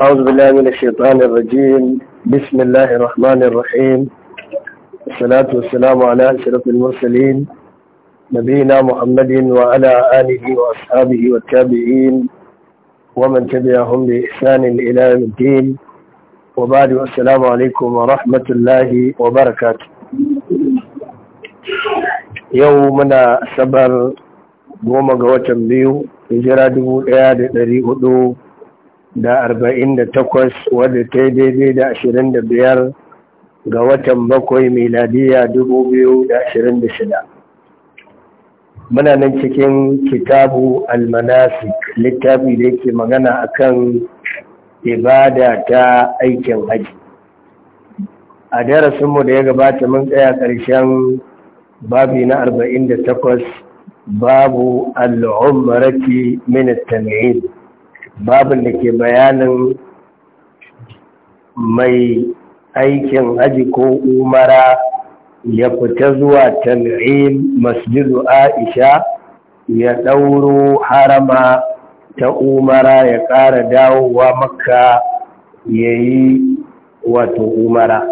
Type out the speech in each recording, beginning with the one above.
أعوذ بالله من الشيطان الرجيم بسم الله الرحمن الرحيم الصلاة والسلام على أشرف المرسلين نبينا محمد وعلى آله وأصحابه والتابعين ومن تبعهم بإحسان إلى يوم الدين وبعد والسلام عليكم ورحمة الله وبركاته يومنا سبر goma ga watan biyu hijira dubu ɗaya da arba'in da takwas wadda ta yi daidai da ashirin da biyar ga watan bakwai miladiya dubu biyu da ashirin da shida muna nan cikin kitabu almanasik littafi da yake magana a kan ibada ta aikin haji a darasinmu da ya gabata mun tsaya ƙarshen babi na arba'in da takwas babu al'ummarati min babin da ke bayanin mai aikin haji ko umara ya fita zuwa tal'im masjidu aisha ya ɗauro harama ta umara ya ƙara dawowa makka ya yi wato umara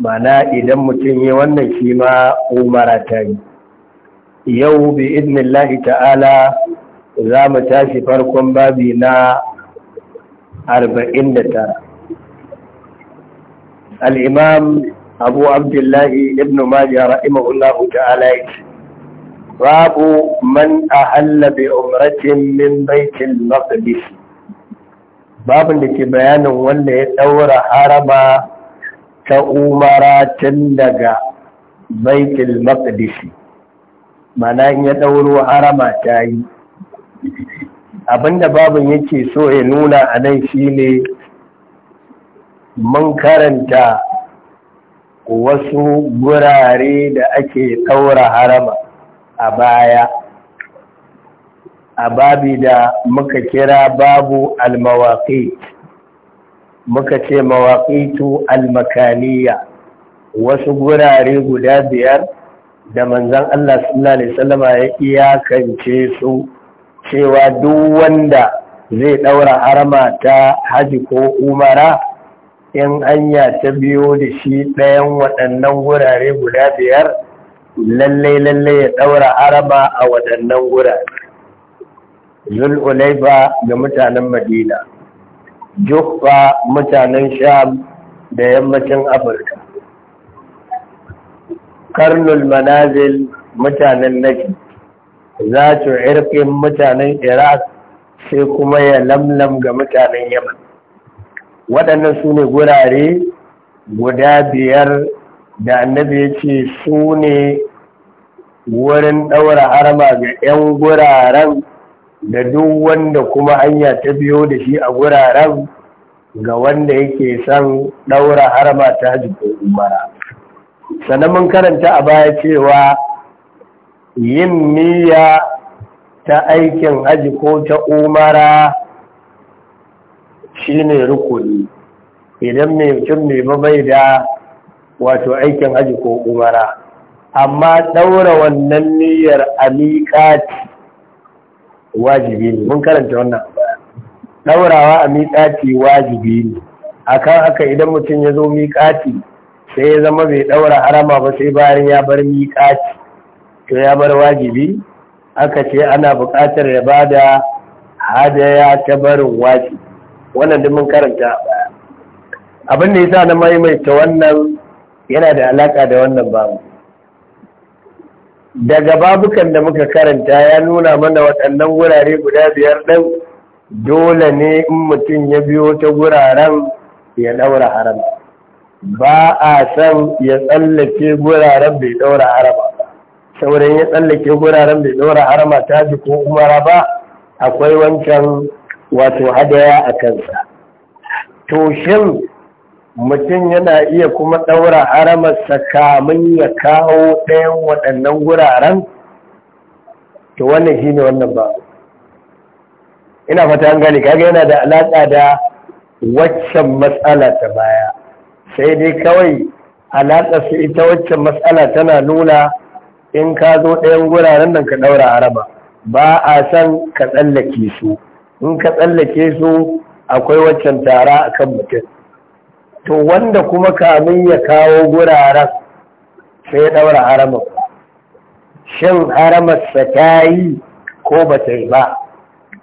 mana idan mutum ya wannan shi ma umara ta yi yau bi idnillahi ta'ala za mu tashi farkon babi na arba'in da tara. al'imam abu abdullahi ibn majiya rahimahullahu ta'ala yake babu man a hallabe umratin min baitin maqdis babin da ke bayanin wanda ya ɗaura harama ta umara tun daga baitin maqdis mana in ya ɗauro harama ta yi abinda babin yake so ya nuna a nan shine mun karanta wasu gurare da ake ɗaura harama a baya a babi da muka kira babu almawaƙi muka ce mawaƙitu almakaniya wasu gurare guda biyar da manzan Allah sallallahu Alaihi wasallama ya iyakance su cewa duk wanda zai ɗaura arama ta haji ko umara in hanya ta biyo da shi ɗayan waɗannan wurare guda biyar lallai lallai ya ɗaura arama a waɗannan wurare zul'ulaifa ga mutanen madina jufa mutanen sham da yammacin afirka karnul manazil mutanen naji za ta irfe mutanen iraq sai kuma ya lamlam ga mutanen yaman waɗannan su ne gurare guda biyar da annabi ya ce su ne wurin ɗaura harma ga 'yan guraren da duk wanda kuma hanya ta biyo da shi a guraren ga wanda yake son ɗaura harma ta hajji ko umara sannan mun karanta a baya cewa yin niyya ta aikin haji ko ta umara shi ne rukuni idan mai mutum ne ba da wato aikin haji ko umara amma ɗaura wannan niyyar a miƙaci wajibi ne mun karanta wannan ɗaurawa a miƙaci wajibi ne akan haka idan mutum ya zo miƙaci sai ya zama bai ɗaura harama ba sai bayan ya bar miƙaci. to ya bar wajibi aka ce ana buƙatar ya ba da hadaya ta barin wajibi wannan duk mun karanta abin da yasa na maimaita wannan yana da alaka da wannan babu daga babukan da muka karanta ya nuna mana waɗannan wurare guda biyar ɗan dole ne in mutum ya biyo ta wuraren ya ɗaura haram ba a san ya tsallake wuraren bai ɗaura haram saurayin ya tsallake guraren bai ɗora harama ta ji ko umara ba akwai wancan wato hadaya a kansa to mutum yana iya kuma ɗaura haramarsa kamun ya kawo ɗayan waɗannan guraren to wannan shi ne wannan ba ina fata an gane kaga yana da alaƙa da waccan matsala ta baya sai dai kawai alaƙa su ita waccan matsala tana nuna in ka zo ɗayan guraren nan ka ɗaura araba ba a san ka tsallake su in ka tsallake su akwai waccan tara a kan mutum to wanda kuma kamin ya kawo guraren sai ya ɗaura haramar shin aramarsa ta yi ko ba ta yi ba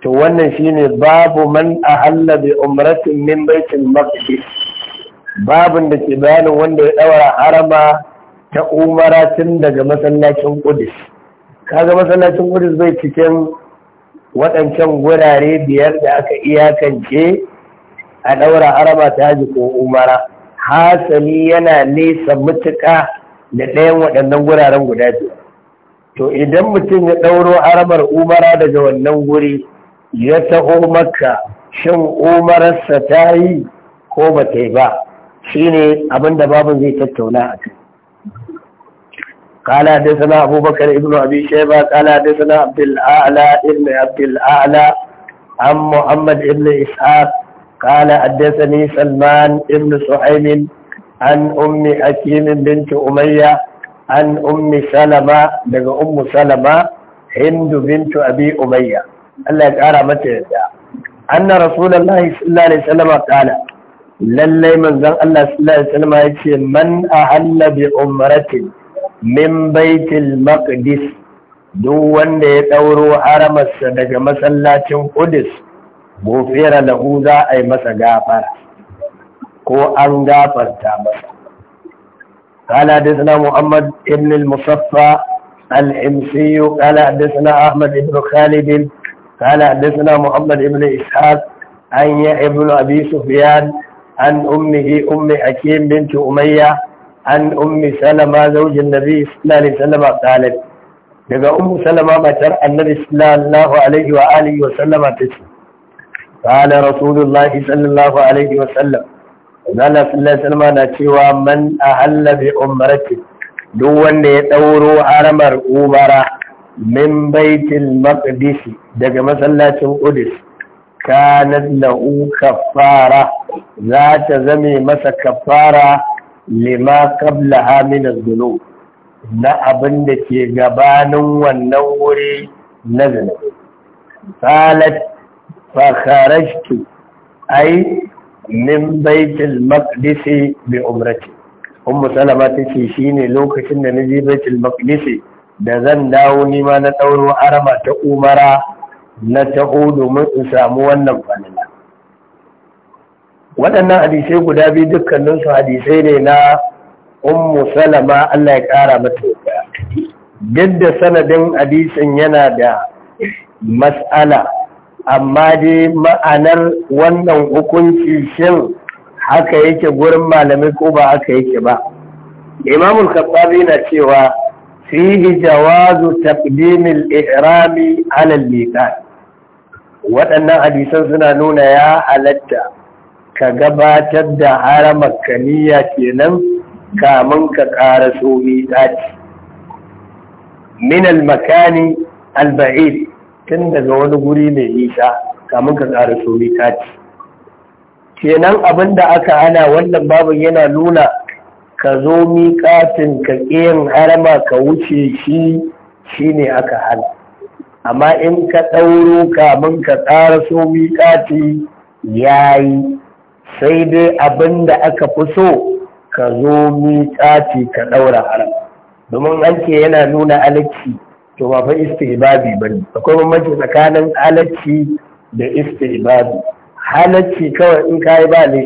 to wannan shine babu man a hallabe umratin min baitin maqdis babin da ke bayanin wanda ya ɗaura harama ta umara tun daga masallacin kudis kaga masallacin kudis bai cikin waɗancan gurare biyar da aka iyakance a ɗaura araba ta haji ko umara hasali yana nesa mutuƙa da ɗayan waɗannan guraren guda biyu. to idan mutum ya ɗauro arabar umara daga wannan wuri, ya taho maka shin umararsa ta yi ko ba ta yi ba shine abinda babu zai tattauna a kai قال حدثنا أبو بكر ابن أبي شيبة قال حدثنا عبد الأعلى ابن عبد الأعلى عن محمد ابن إسحاق قال حدثني سلمان ابن سحيم عن أم حكيم بنت أمية عن أم سلمة دغ أم سلمة هند بنت أبي أمية الله يقرأ متى أن رسول الله صلى الله عليه وسلم قال lallai من ذن الله صلى الله عليه وسلم man ahalla bi umratin min baitul maqdis duk wanda ya ɗauro aramarsa daga masallacin Qudus gofera lahu za a yi masa gafara ko an gafarta masa قال حدثنا محمد بن المصفى الحمصي قال حدثنا احمد بن خالد قال حدثنا محمد بن اسحاق عن يحيى ابي سفيان عن امه ام حكيم بنت اميه an ummi salama zaujin nabi sallallahu alaihi wasallam qalat daga ummu salama matar annabi sallallahu alaihi wa alihi wa sallama tace qala rasulullahi sallallahu alaihi wa sallam Allah sallallahu alaihi na cewa man ahalla bi umrati wanda ya dauro haramar umara min baitil maqdis daga masallacin qudus kanat lahu kaffara za ta zame masa kaffara lima qablaha min na abin da ke gabanin wannan wuri na zina, Salat fa kharajtu ay min baitul maqdis bi umrati ummu salama tace shine lokacin da naji baitul maqdis da zan dawo nima na ɗauro arama ta umara na taho domin in samu wannan falala waɗannan hadisai guda biyu dukkaninsu hadisai ne na ummu salama Allah ya ƙara mata duk da sanadin hadisin yana da mas'ala amma dai ma'anar wannan hukunci shin haka yake gurin malamai ko ba haka yake ba imamul kabbabi na cewa fihi jawazu taqdimil ihrami ala al-miqat waɗannan hadisan suna nuna ya halatta ka gabatar da haramar kaniya kenan kamun ka ƙara tsohi ɗaci minal makani alba'id tun daga wani guri mai nisa kamun ka ƙara so ɗaci. kenan abin da aka hana wannan babu yana nuna ka zo miƙatin ka ƙiyan harama ka wuce shi ne aka hana amma in ka ɗauro kamun ka ƙara so ya yi. sai dai abin da aka fi so ka zo tsaci ka ɗaura haram domin an ke yana nuna halacci to ba fa ba ne akwai bambanci tsakanin halacci da ibabi halacci kawai in ka yi ba ne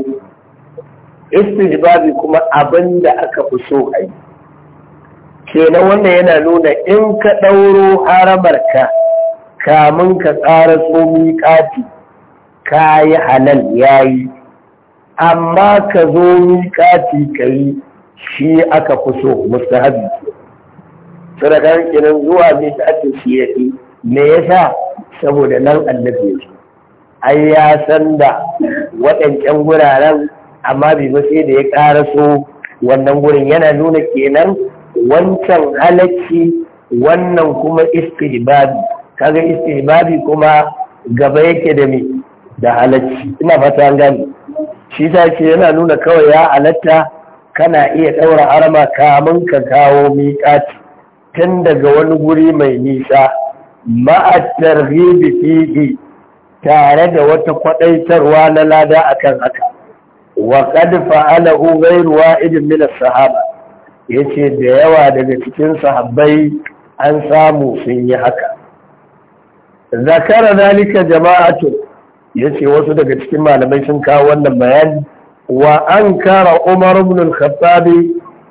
ibabi kuma abin da aka fi so a yi kenan wannan yana nuna in ka ɗauro haramarka kamun ka tsara tsomi kati ka yi halal ya yi amma ka zo ni kati kai shi aka fi so mustahabi sadakar kiran zuwa miƙati shi ya yi. me yasa saboda nan annabi ya ai ya san da waɗancan guraren amma bai sai da ya ƙaraso wannan gurin yana nuna kenan wancan halacci wannan kuma istihbabi kaga istihbabi kuma gaba yake da me da halacci ina fata an gani shi ta ce yana nuna kawai ya alatta kana iya ɗaura arma kamun ka kawo miƙati tun daga wani guri mai nisa ma'attar ribi fiye tare da wata kwaɗaitarwa na lada akan haka wa qad fa'alahu ghayru wa'idin sahaba yace da yawa daga cikin sahabbai an samu sun yi haka zakara zalika jama'atu yace wasu daga cikin malamai sun kawo wannan bayani wa an kara umar ibn al-khattab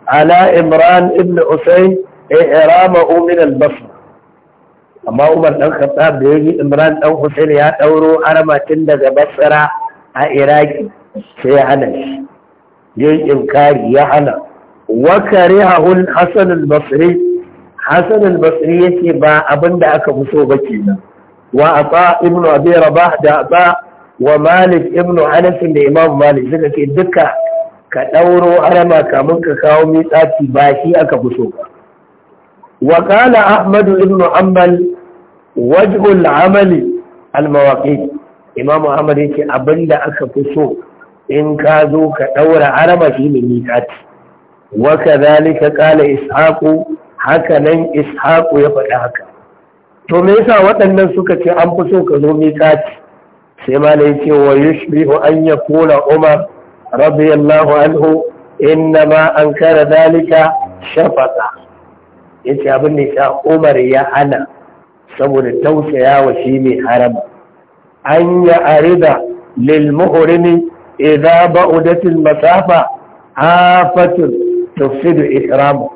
ala imran ibn usayn min al-basr amma umar dan khattab da yaji imran dan usayn ya dauro harama daga basra a iraki sai ya hana shi yin inkari ya hana wa karihahu al-hasan al-basri hasan al-basri yace ba abinda aka fi so ba kenan wa ata ibnu abi rabah da ata wa malik ibnu anas da imam malik suka ce duka ka ɗauro harama kamun ka kawo mitsati ba shi aka fi so wa qala ibn hanbal wajhu al-amali al imam ahmad yace abinda aka fi so in ka zo ka ɗaura harama shi ne mitsati wa kadhalika qala ishaqu haka nan ishaqu ya faɗi haka to me yasa waɗannan suka ce an fi so ka zo miƙati sai ma da yake wa yushbihu an ya kula umar radiyallahu anhu innama an kara dalika shafaqa yace abin da ya umar ya hana saboda tausaya wa shi mai haram an ya arida lil muhrimi idza ba'udat al masafa afatun tufsidu ihramu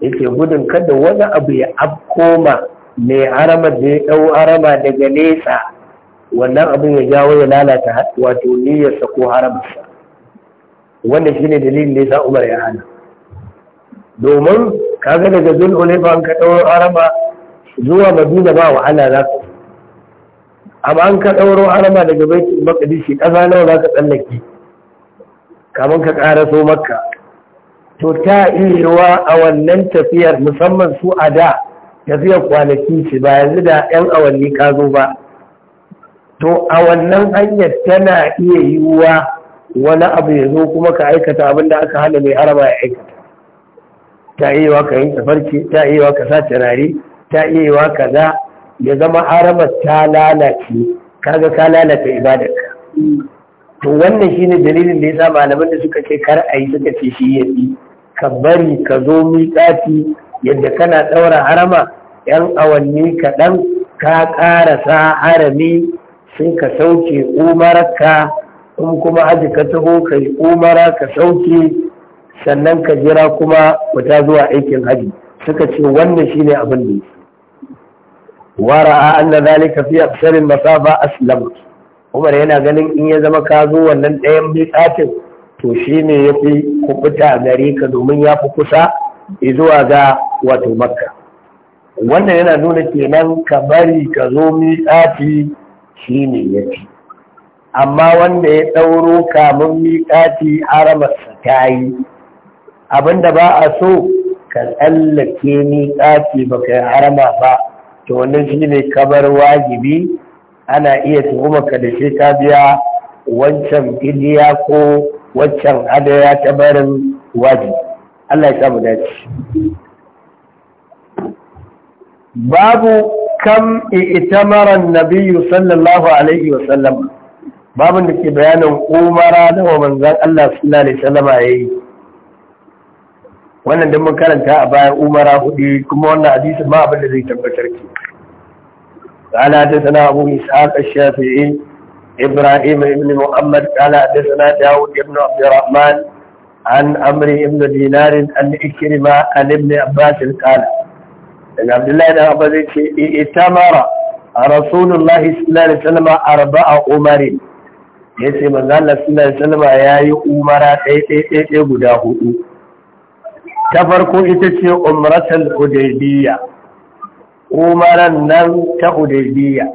yake gudun kada wani abu ya abkoma mai harama da ya ɗau harama daga nesa wannan abin ya jawo ya lalata wato sa ko haramarsa wannan shine dalilin da sa Umar ya hana domin kaga daga zul ulaifa an ka ɗauro harama zuwa Madina ba wahala za ka amma an ka ɗauro harama daga baitul shi. ƙasa nawa za ka tsallake kamar ka ƙara so makka to ta iya a wannan tafiyar musamman su a da fiye kwanaki ce ba yanzu da 'yan awanni ka zo ba to a wannan hanyar tana iya yiwuwa wani abu ya zo kuma ka aikata abin da aka hana mai haraba ya aikata ta iya yiwa ka yi tafarki ta iya yiwa ka sa turare ta iya yiwa ka za ya zama arama ta lalace kaga ka lalata ibadarka to wannan shine dalilin da ya sa malaman da suka ce kar a yi suka ce shi ya ka bari ka zo miƙati yadda kana ɗaura harama yan awanni kaɗan ka ƙarasa harami sai ka sauke umararka in kuma aji ka taho ka yi umara ka sauke sannan ka jira kuma fita zuwa aikin haji suka ce wannan shine abin da yake a anna zalika a tsarin masafa aslam umar yana ganin in ya zama ka zo wannan ɗayan miƙatin to shine yafi kuɓuta gare ka domin ya fi kusa zuwa ga wato makka wannan yana nuna kenan ka bari ka zo miƙaci shi ne ya fi amma wanda ya ɗauro kamun arama su ta yi abinda ba a so ka tsallake miƙati ba ka yi harama ba to wannan shi ne kabar wajibi ana iya ka da shi ka biya wancan iliya ko waccan adaya ta barin wajibi Allah ya samu dace. babu kam i'tamaran nabiyyu sallallahu alaihi wa sallam babin da ke bayanin umara da wa manzan Allah sallallahu alaihi wasallama yayi wannan da mun karanta a bayan umara hudu kuma wannan hadisi ma abin da zai tabbatar ki abu حدثنا ash-shafi'i Ibrahim Ibn Muhammad ala da sana داود ibn abdurrahman an amri ibn dinar an ikrima an ibn abbas al-qala daga abdullahi da abba zai ce itamara a rasulullahi sallallahu alaihi wasallam arba'a umari ya ce manzala sallallahu salama ya yi umara ɗaiɗaiɗaiɗai guda hudu ta farko ita ce umratul hudaybiya umaran nan ta hudaybiya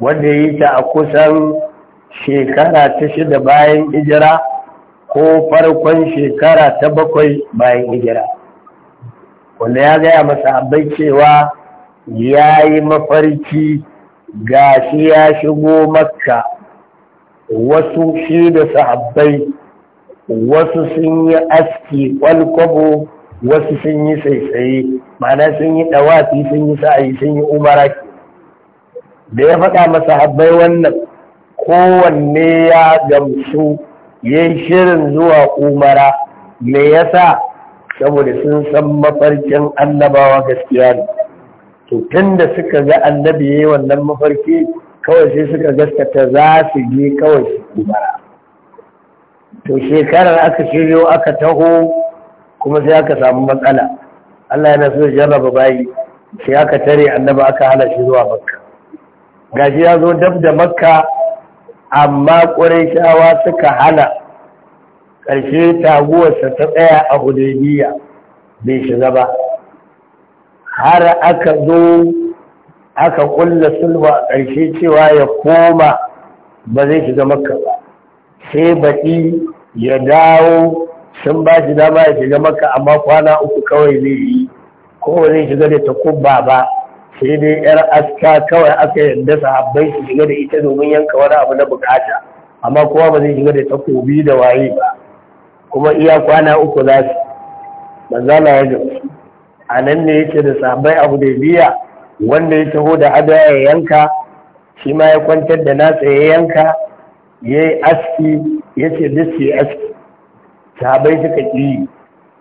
wanda yi ta a kusan shekara ta shida bayan hijira ko farkon shekara ta bakwai bayan hijira wanda ya gaya masa abai cewa ya yi mafarki ga shi ya shigo makka wasu shi da sahabbai wasu sun yi aski kwalkwabo wasu sun yi saisaye mana sun yi ɗawafi sun yi sa'ayi sun yi umara da ya faɗa masa habbai wannan kowanne ya gamsu yin shirin zuwa umara me yasa saboda sun san mafarkin annabawa gaskiya ne to tun suka ga annabi yayi wannan mafarki kawai sai suka gaskata za su je kawai su kubara to shekarar aka shiryo aka taho kuma sai aka samu matsala Allah yana so jarraba bayi sai aka tare annabi aka hana shi zuwa makka gashi ya zo dab da makka amma ƙurayshawa suka hana ƙarshe taguwarsa ta tsaya a hudaybiya bai shiga ba har aka zo aka ƙulla sulwa a ƙarshe cewa ya koma ba zai shiga makka ba sai baɗi ya dawo sun ba shi dama ya shiga maka amma kwana uku kawai zai yi ko zai shiga da takubba ba sai dai yar aska kawai aka yarda sahabbai su shiga da ita domin yanka wani abu na bukata amma kowa ba zai shiga da takobi da waye ba kuma iya kwana uku za su manzala ya ga a nan ne yake da sabai abu da biya wanda ya taho da ada ya yanka shi ma ya kwantar da nasa ya yanka ya yi aski ya ce duk su yi aski sabai suka ƙi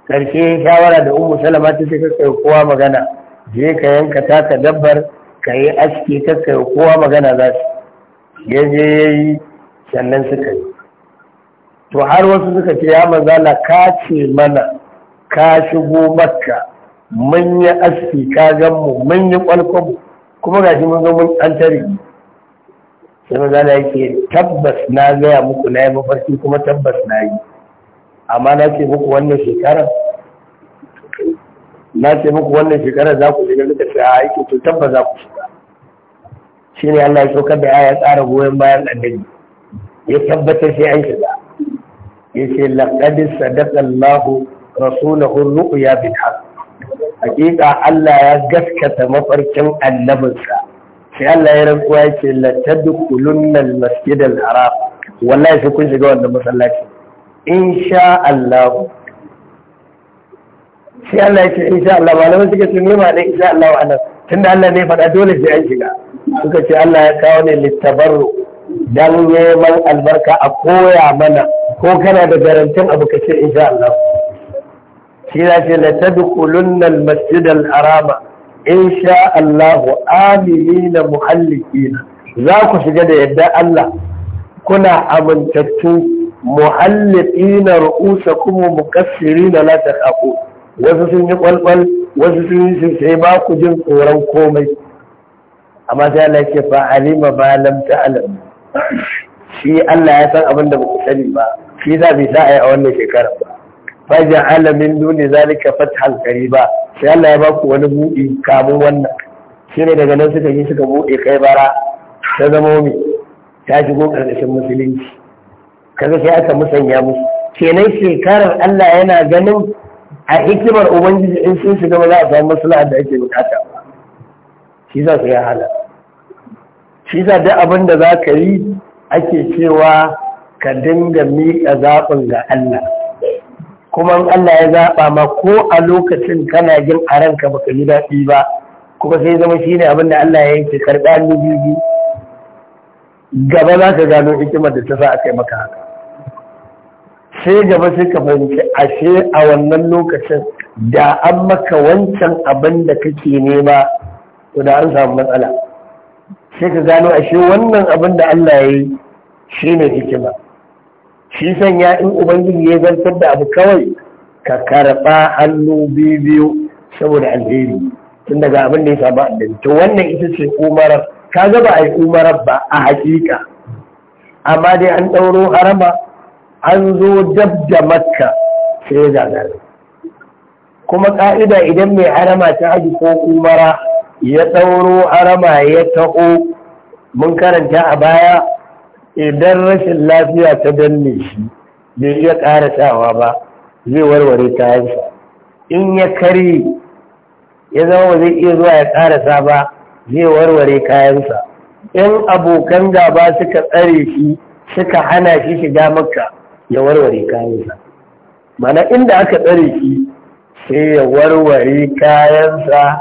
ƙarshe shawara da umu salama ta ce kai kowa magana je ka yanka taka dabbar ka yi aski ka kowa magana za su ya je ya yi sannan suka yi to har wasu suka ce ya manzala ka ce mana ka shigo makka mun yi aski ka gan mu mun yi kwalkwam kuma ga shi mun zo mun an tare sai ya yake tabbas na gaya muku na yi mafarki kuma tabbas na yi amma na ce muku wannan shekarar na ce muku wannan shekara za ku shiga duka sai a aiki to tabbas za ku shiga shi ne Allah ya saukar da ya tsara goyon bayan annabi ya tabbatar sai an shiga yace laqad sadaqa Allahu rasulahu ru'ya bil haqq hakika Allah ya gaskata mafarkin annabinsa sai Allah ya rantsuwa yake la tadkhulunna al masjid al haram wallahi sai kun shiga wannan masallaci insha Allah sai Allah ya ce insha Allah malamai suka ce nema ne insha Allah anan tunda Allah ne faɗa dole sai an shiga suka ce Allah ya kawo ne littabarru don neman albarka a koya mana ko kana da garantin abu kace insha Allah shi na ce la tadkhulunna al-masjid al-harama insha Allah aminina muhallikina za ku shiga da yadda Allah kuna amintattu muhallikina ru'usakum muqassirina la taqafu wasu sun yi kwalkwal wasu sun yi sai ba ku jin tsoron komai amma sai Allah ya ce fa alima ba lam ta'lam shi Allah ya san abin da baku sani ba shi za bai sa ai a wannan shekara ba fa ja'ala alamin duni zalika hankali qariba sai Allah ya baku wani buɗi kamun wannan ne daga nan suka yi suka buɗe kai bara ta zama mai ta shigo ƙarƙashin musulunci kaga sai aka musanya musu kenan shekarar Allah yana ganin a hikimar ubangiji in sun shiga ba za a samu maslaha da ake bukata ba shi za su yi halar shi da duk abin da za ka yi ake cewa ka dinga miƙa zaɓin ga Allah kuma Allah ya zaɓa ma ko a lokacin kana jin a ranka baka yi daɗi ba kuma sai zama shi ne abin Allah ya yanke karɓa ni biyu gaba za ka gano hikimar da ta sa aka yi maka haka sai gaba sai ka fahimci ashe a wannan lokacin da an maka wancan abin da kake nema to da an samu matsala sai ka gano ashe wannan abin da Allah ya yi shi ne hikima shi sanya in ubangiji ya zartar da abu kawai ka karɓa hannu biyu biyu saboda alheri tun daga abin da ya samu annabi to wannan ita ce umarar ka ga ba a yi umarar ba a hakika amma dai an ɗauro harama an zo dab da makka sai ya zagara kuma ka'ida idan mai harama ta haji ko umara ya ɗauro harama ya taho mun karanta a baya idan rashin lafiya ta danne shi bai iya ƙarasawa ba zai warware kayansa in ya kari ya zama zai iya zuwa ya sa ba zai warware kayansa in abokan gaba suka tsare shi suka hana shi shiga makka ya warware kayansa mana inda aka tsare shi sai ya warware kayansa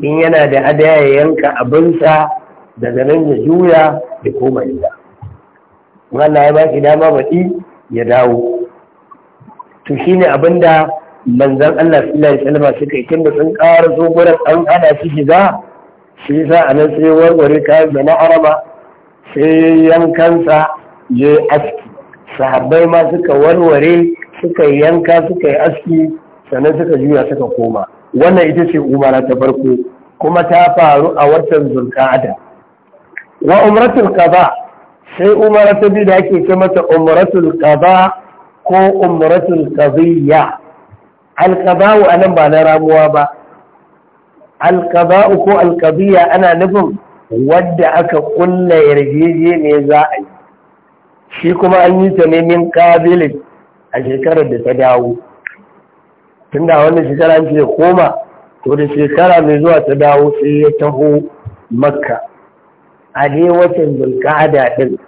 in yana da adaya ya yanka abinsa daga nan ya juya ya koma gida Wannan ya ba shi dama baɗi ya dawo to shi shine abinda manzan Allah sallallahu alaihi wasallam suka yi kinda sun ƙara zo gurin an hada shi shiga shi sa a nan sai warware kayan da na sai yankansa ya aski sahabbai ma suka warware suka yanka suka yi aski sannan suka juya suka koma wannan ita ce umara ta farko kuma ta faru a watan zulka'ada wa umratul qada sai umara ta biyu da ake ce mata umratul qada ko umratul qadiyya al wa anan ba na ramuwa ba al qada ko al qadiyya ana nufin wadda aka kulla ne za a yi shi kuma an yi ta ne min kabilin a shekarar da ta dawo tunda wannan shekara an koma to da shekara mai zuwa ta dawo sai ya taho makka a ne watan zulkada din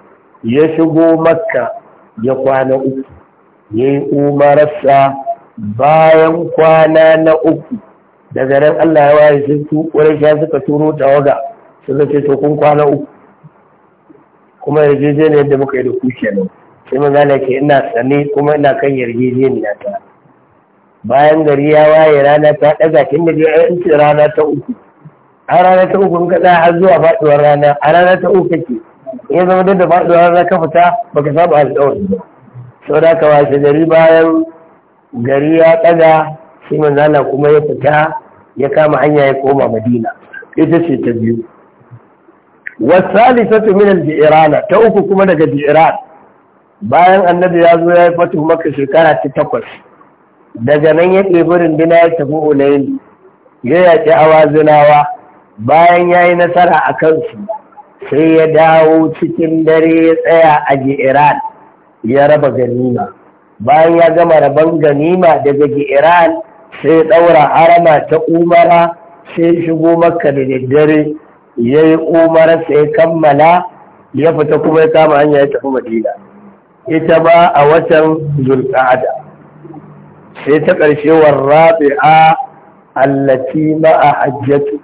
ya shigo makka ya kwana uku ya yi umararsa bayan kwana na uku daga nan allah ya waye sun tukurai shi suka turo tawaga suka ce to kun kwana uku kuma yarjejeniyar da muka yi da kushe nan sai mun ke ina sane kuma ina kan yarjejeniyar ta bayan gari ya waye rana ta ɗaga kin da ya ce rana ta uku a rana ta uku ka da har zuwa faɗuwar rana a rana ta uku kake ya zama da faɗuwar rana ka fita baka samu alƙawari ba sau da ka washe gari bayan gari ya ɗaga shi manzana kuma ya fita ya kama hanya ya koma madina ita ce ta biyu wasalisatu min al-jirana ta uku kuma daga jiran bayan annabi ya zo ya yi fatu maka shekara ta takwas daga nan ya ɗebi rundina ya tafi ulayni ya yaƙi awazinawa bayan ya yi nasara a kansu sai ya dawo cikin dare ya tsaya a gi'iran ya raba ganima bayan ya gama raban ganima daga gi'iran sai ya ɗaura harama ta umara sai shigo makka da daddare ya yi umara sai kammala ya fita kuma ya kama hanya ya tafi madina ita ba a watan zulƙa'ada sai ta ƙarshe a allati ma'a hajjatu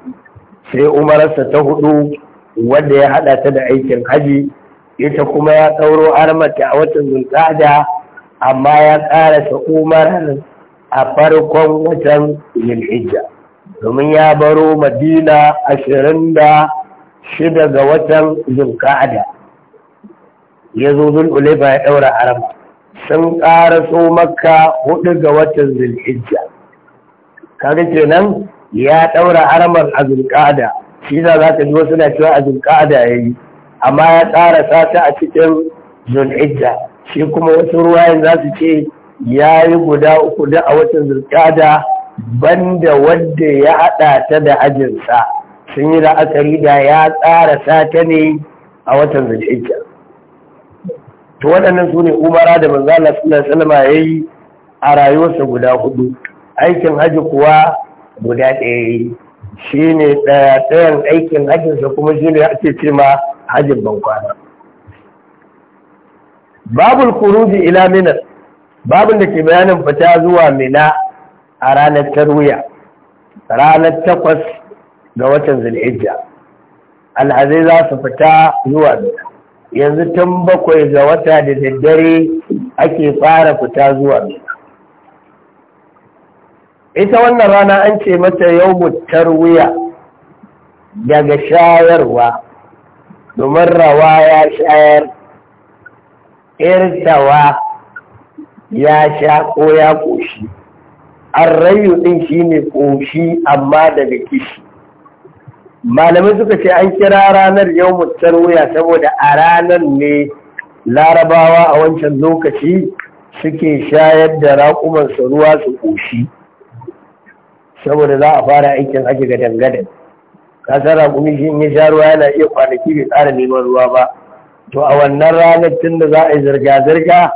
sai umararsa ta hudu wanda ya hada ta da aikin haji ita kuma ya ɗauro armata a watan zulqa'da amma ya ƙarasa umarar a farkon watan zulhijja domin ya baro madina ashirin da shida ga watan zulqa'da ya zo ba ya ɗaura armata sun ƙaraso makka hudu ga watan zulhijja kaga kenan ya ɗaura haramar a zulƙada shi za za ka ji wasu na cewa a zulƙada ya amma ya ƙarasa ta a cikin zulhijja shi kuma wasu ruwayen za su ce ya yi guda uku da a watan zulƙada banda wanda ya haɗa ta da ajinsa sun yi la'akari da ya ƙarasa sata ne a watan zulhijja to waɗannan su ne umara da manzo suna salama ya yi a rayuwarsa guda hudu aikin haji kuwa guda ɗaya yi shi ne ɗayan aikin hajjinsa kuma shi ne ake ce ma hajjin bankwana babul kuruji ila minas babin da ke bayanin fita zuwa mina a ranar tarwiya ranar takwas ga watan zulhijja alhazai za su fita zuwa mina yanzu tun bakwai ga wata da daddare ake fara fita zuwa ita wannan rana an ce mata yau mutar wuya daga shayarwa domin rawa ya shayar irtawa ya sha ko ya ƙoshi an rayu ɗin shi ne ƙoshi amma daga kishi malamai suka ce an kira ranar yau mutar wuya saboda a ranar ne larabawa a wancan lokaci suke shayar da raƙumansu ruwa su ƙoshi saboda za a fara aikin aji ga dangadan kasar raƙumi shi ya sha ruwa yana iya kwanaki bai tsara neman ruwa ba to a wannan ranar tun da za a yi zirga-zirga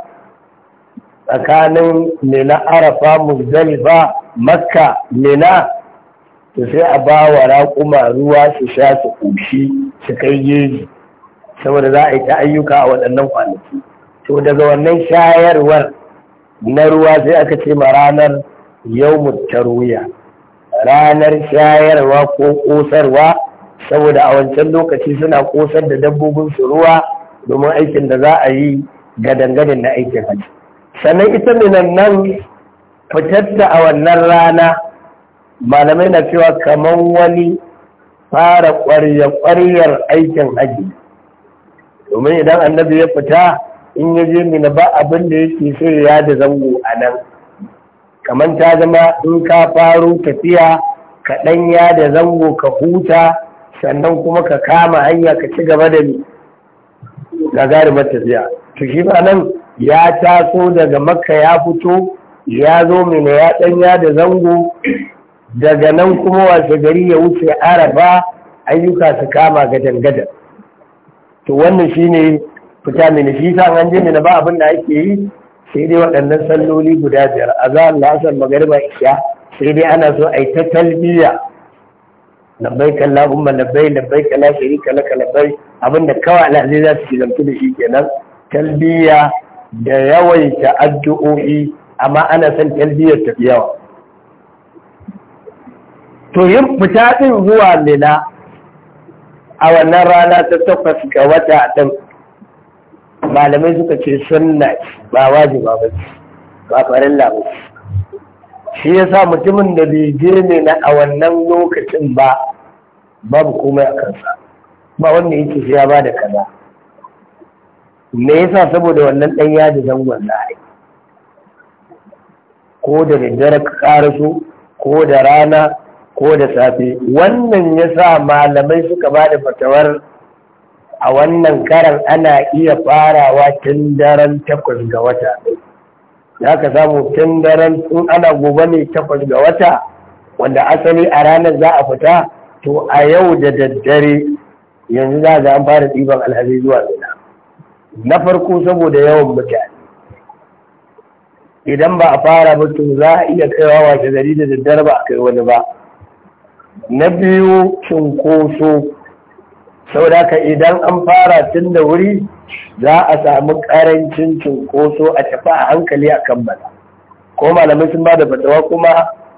tsakanin mina arafa muzdalifa makka mina to sai a ba wa raƙuma ruwa su sha su ƙushi su kai geji saboda za a yi ta ayyuka a waɗannan kwanaki to daga wannan shayarwar na ruwa sai aka ce ma ranar yau tarwiya ranar shayarwa ko ƙosarwa saboda a wancan lokaci suna ƙosar da dabbobin su ruwa domin aikin da za a yi ga dangane na aikin hajji sannan ita minan nan fitarta a wannan rana malamai na cewa kamar wani fara ƙwarya-ƙwaryar aikin haji domin idan annabi ya fita in ya je mina ba abin da yake so ya da zango a nan kamar ta zama in ka faro tafiya ka ɗan ya da zango ka huta sannan kuma ka kama hanya ka ci gaba da ni gagarumar tafiya to shi ba nan ya taso daga makka ya fito ya zo mina ya ɗan ya da zango daga nan kuma washe gari ya wuce araba ayyuka su kama gadan gadan to wannan shine fita mini shi sa an je na ba abin da ake yi sai dai waɗannan salloli guda biyar a lasar magariba isha sai dai ana so a yi ta talbiya labbai kalla umma labbai labbai kalla sharika laka labbai da kawai alhazi za su zantu da shi kenan talbiya da yawaita addu'o'i amma ana son talbiyar tafi yawa to yin fita ɗin zuwa mina a wannan rana ta takwas ga wata ɗin malamai suka ce sunna ba wajiba ba ce ba farin labarci shi ya sa mutumin da bai je na a wannan lokacin ba babu komai a kansa ba wanda yake ya ba da kaza me yasa saboda wannan ɗan yadi zangon zare ko da daddare ka ƙaraso ko da rana ko da safe wannan ya sa malamai suka ba da fatawar a wannan karan ana iya farawa tun daren takwas ga wata ya ka samu tun daren in ana gobe ne takwas ga wata wanda asali a ranar za a fita to a yau da daddare yanzu za a an fara ɗiban alhazi zuwa mina na farko saboda yawan mutane idan ba a fara mutum za a iya kaiwa washe gari da daddare ba a kai wani ba na biyu cinkoso da ka idan an fara tun da wuri za a samu karancin cinkoso a tafi a hankali a kan kammala ko malamai sun ba da fatawa kuma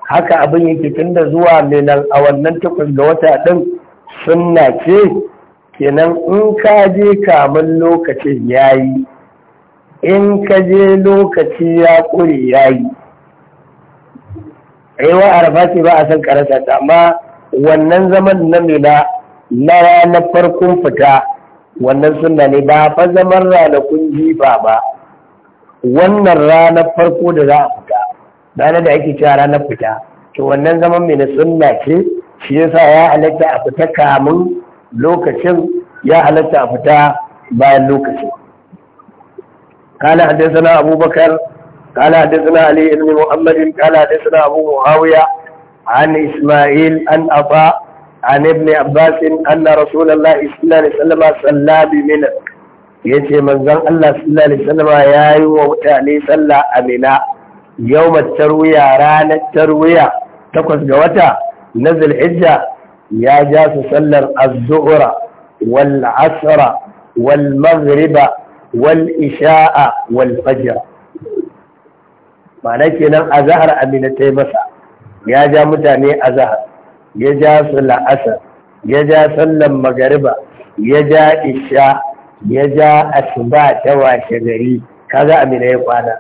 haka abin yake tun da zuwa minan a wannan takwas ga wata ɗin sunna ce kenan in ka je kamun lokacin yayi in ka je lokaci ya ƙure yayi A arafa ce ba a san karanta ta amma wannan zaman na mina na ranar farkon fita wannan sunna ne ba fa zaman ranakun jifa ba wannan ranar farko da za a fita ranar da ake cewa ranar fita to wannan zaman mai na sunna ce shi yasa ya halatta a fita kamun lokacin ya halatta a fita bayan lokacin قال حدثنا أبو بكر قال حدثنا علي بن محمد قال حدثنا ابو معاويه عن اسماعيل ان ابا عن ابن عباس ان رسول الله صلى الله عليه وسلم صلى yace manzon Allah sallallahu alaihi wasallam yayi wa mutane sallah amina yawma tarwiya ranar tarwiya takwas ga wata na zulhijja ya ja su sallar az-zuhra wal asra wal maghriba wal isha'a wal fajr ma'ana kenan azahar amina ta yi masa ya ja mutane azahar ya ja su la'asar ya ja sallan magariba ya ja isha ya ja asuba ta washe gari kaga amina ya kwana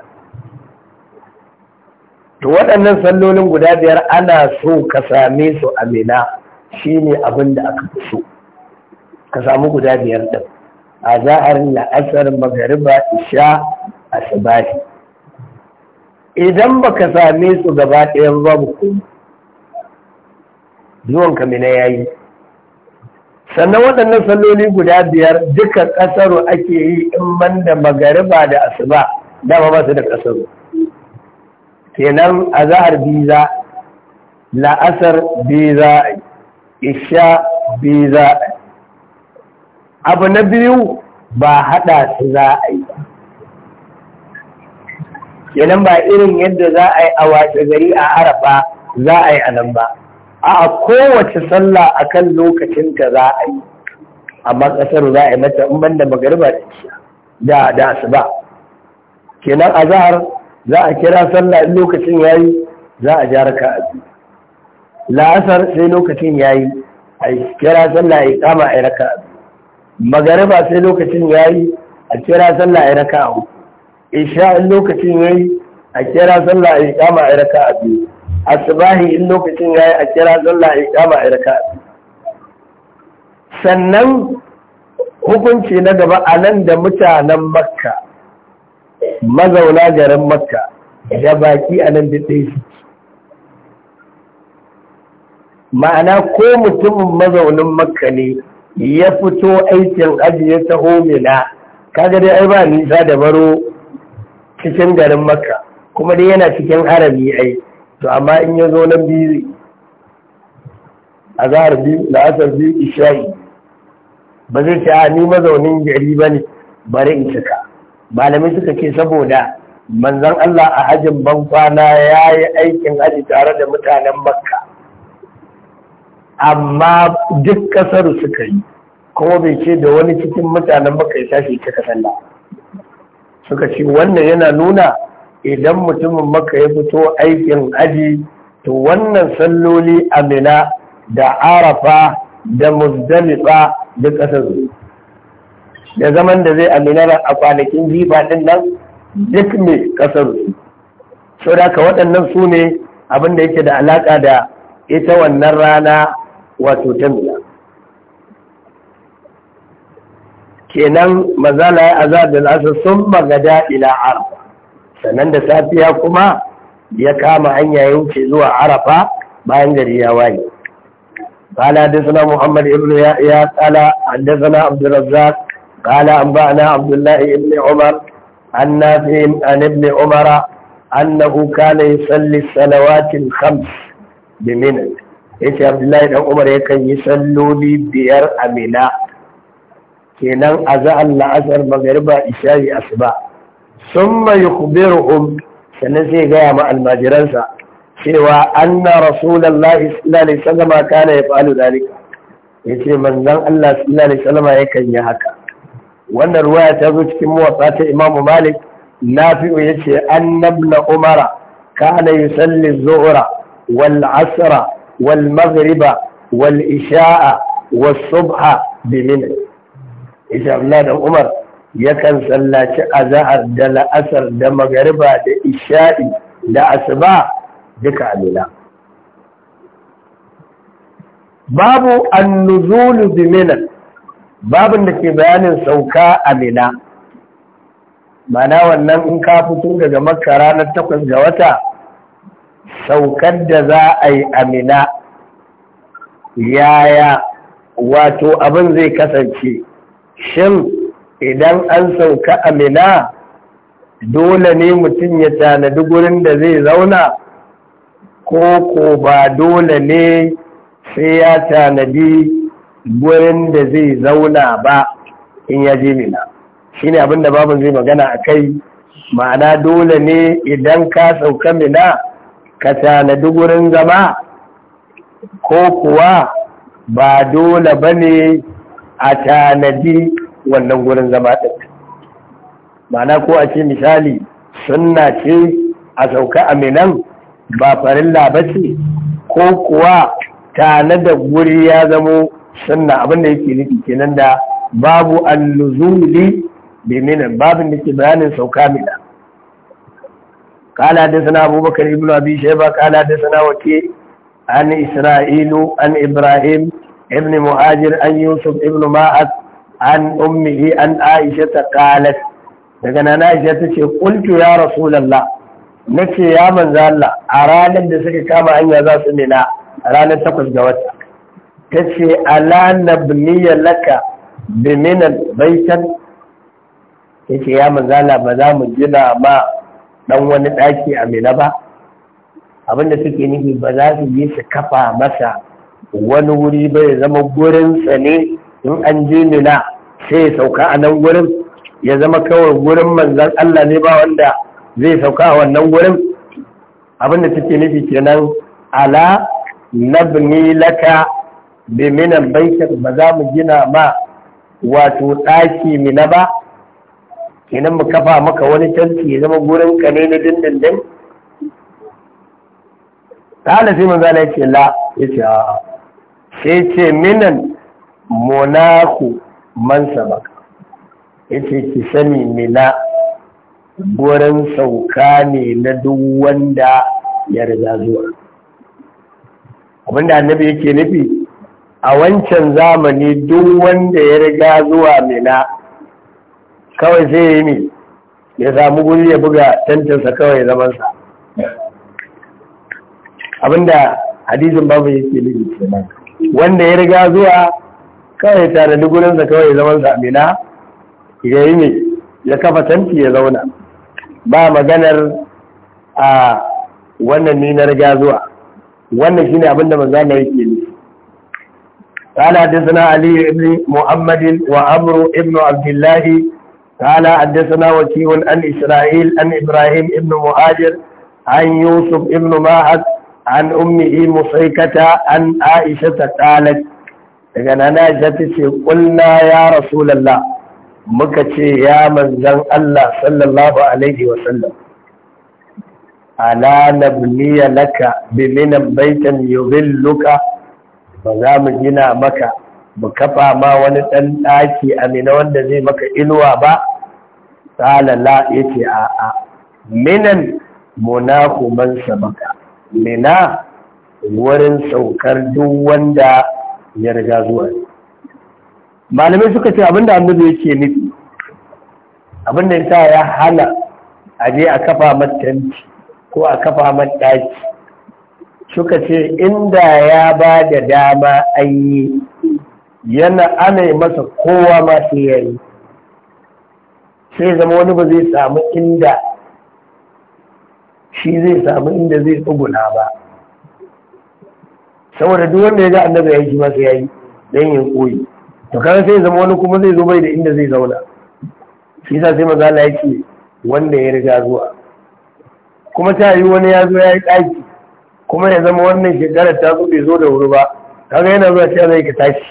to waɗannan sallolin guda biyar ana so ka same su amina shine abin da aka fi so ka samu guda biyar din a za'ar la'asar magariba isha asibati idan baka same su gaba ɗaya babu ku zuwan kamina ya yi sannan waɗannan salloli guda biyar duka ƙasaru ake yi in man da magariba da asuba dama ba su da ƙasaru kenan a zaar biza la'asar biza isha biza abu na biyu ba haɗa su za a yi ba kenan ba irin yadda za a yi a wace gari a arafa za a yi a nan ba a kowace sallah a kan lokacinta za a yi amma ƙasar za a yi mata in banda magariba da isha da da ba kenan azhar za a kira sallah in lokacin yi, za a jara ka abi la'asar sai lokacin ya yi a kira sallah yi kama a raka abi magariba sai lokacin ya yi a kira sallah a raka uku isha in lokacin yayi a kira sallah a iqama a raka'a biyu asbahi in lokacin yayi a kira sallah a iqama a raka'a sannan hukunci na gaba a nan da mutanen makka mazauna garin makka da baki a nan da ɗaya ma'ana ko mutumin mazaunin makka ne ya fito aikin ajiye ta taho mina kaga dai ai ba nisa da baro cikin garin makka kuma dai yana cikin harami ai to amma in ya zo nan biyu a zahar biyu da asar biyu isha'i ba zai ce a ni mazaunin gari ba ne bari in cika malamai suka ce saboda manzon Allah a hajjin ban kwana ya yi aikin haji tare da mutanen makka amma duk kasar suka yi kuma bai ce da wani cikin mutanen makka ya tashi cika sallah suka ce wannan yana nuna idan mutumin maka ya fito aikin aji to wannan salloli amina da arafa da muzdalifa da ƙasar da zaman da zai amina a kwanakin jifa ɗin nan duk ne ƙasar su da waɗannan su ne abinda yake da alaƙa da ita wannan rana wato ta kenan mazala ya azar da lasa sun magada ila arafa sannan da safiya kuma ya kama hanya ya wuce zuwa arafa bayan gari ya waye قال حدثنا محمد بن يحيى قال حدثنا عبد الرزاق قال انبانا عبد الله بن عمر عن نافع عن ابن عمر انه كان يصلي الصلوات الخمس بمنى يتي عبد الله بن عمر يكن يصلي بيار امنا kenan azahar la'asar magariba yi asuba sun mai kubiru sannan sai gaya ma almajiransa cewa anna rasulallahi sallallahu alaihi wasallam kana yaf'alu dalika yace manzon Allah sallallahu alaihi wasallam yakan yi haka wannan ruwaya ta zo cikin muwatta ta Imam Malik Nafi'u yace annabna Umar kana yusalli salli zuhra wal 'asra wal magariba, wal isha'a wal subha bi ita da umar yakan sallaci azahar da la'asar da magariba da isha'i da asuba duka amina babu annuzulu bi minan babin da ke bayanin sauka a mana wannan in ka fito daga makka ranar takwas ga wata saukar da za a yi a mina yaya wato abin zai kasance shin idan an sauka a mina dole ne mutum ya tanadi gurin da zai zauna ko ko ba dole ne sai ya tanadi gurin da zai zauna ba in ya je mina shi ne abinda babin zai magana a kai ma'ana dole ne idan ka sauka mina ka tanadi gurin zama ko kuwa ba dole ba ne a tanadi wannan gurin zama ɗin ma'ana ko a ce misali suna ce a sauka a minan ba farin ba ko kuwa tanada guri ya zamo sunna abinda yake nufi kenan da babu alluzuli bi minan babin da ke bayanin sauka minan قال حدثنا أبو بكر بن أبي kala da suna wake an Isra'ilu, an Ibrahim. ابن مهاجر عن يوسف ابن ماعز عن an Aisha عائشة قالت daga nan Aisha ta ce kultu ya Rasulallah nace ya manzo Allah a ranar da suka kama hanya za su nina ranar takwas ga wata ta ce ala nabniya laka bi baitan ta ce ya manzo Allah ba za mu gina ma dan wani daki a Mina ba abinda suke nufi ba za su yi su kafa masa wani wuri bai zama gurin tsane in an je mina sai ya sauka a nan gurin ya zama kawai gurin manzan Allah ne ba wanda zai sauka a wannan gurin abinda take nufi kenan ala nabni laka bi minan baitin ba za mu gina ma wato ɗaki mina ba kenan mu kafa maka wani tanki ya zama gurin ka ne na dindindin ta sai manzala ya ce la ya ce sai ce minan monaku man sama yace ki sani mina gurin sauka ne na duk wanda ya riga zuwa abinda annabi yake nufi a wancan zamani duk wanda ya riga zuwa mina kawai sai yi ne ya samu guri ya buga tantansa kawai zamansa abinda hadisin babu yake nufi kenan wanda ya riga zuwa kawai tare da gurinsa kawai zaman zamina ya yi mai ya kafa tanti ya zauna ba maganar a wannan ni na riga zuwa wannan shine ne abinda manzo Allah yake nufi قال حدثنا علي بن محمد وعمرو بن عبد الله قال حدثنا وكيع عن اسرائيل عن ابراهيم بن مهاجر عن يوسف بن ماعز an ummihi musaikata an aisha ta qalat daga nan aisha ta ce kulla ya rasulullah muka ce ya manzon Allah sallallahu alaihi wa sallam ala nabniya laka bi minan baitan yudhilluka ba za mu gina maka mu kafa ma wani ɗan ɗaki amina wanda zai maka inuwa ba tsalala ya a'a minan munaku man sabaka mina wurin saukar duk wanda ya riga zuwa malamai suka ce abinda annabi yake nufi abinda ya sa ya hana a je a kafa matanci ko a kafa mataki suka ce inda ya ba da dama an yi yana ana masa kowa masu yayi sai zama wani ba zai samu inda shi zai samu inda zai tsuguna ba saboda duk wanda ya ga annabi ya yi masa ya yi don yin koyi to kan sai zama wani kuma zai zo bai da inda zai zauna shi sa sai maza ya ce wanda ya riga zuwa kuma ta yi wani ya zo ya yi ɗaki kuma ya zama wannan shekarar ta zo bai zo da wuri ba kaga yana zuwa cewa zai ka tashi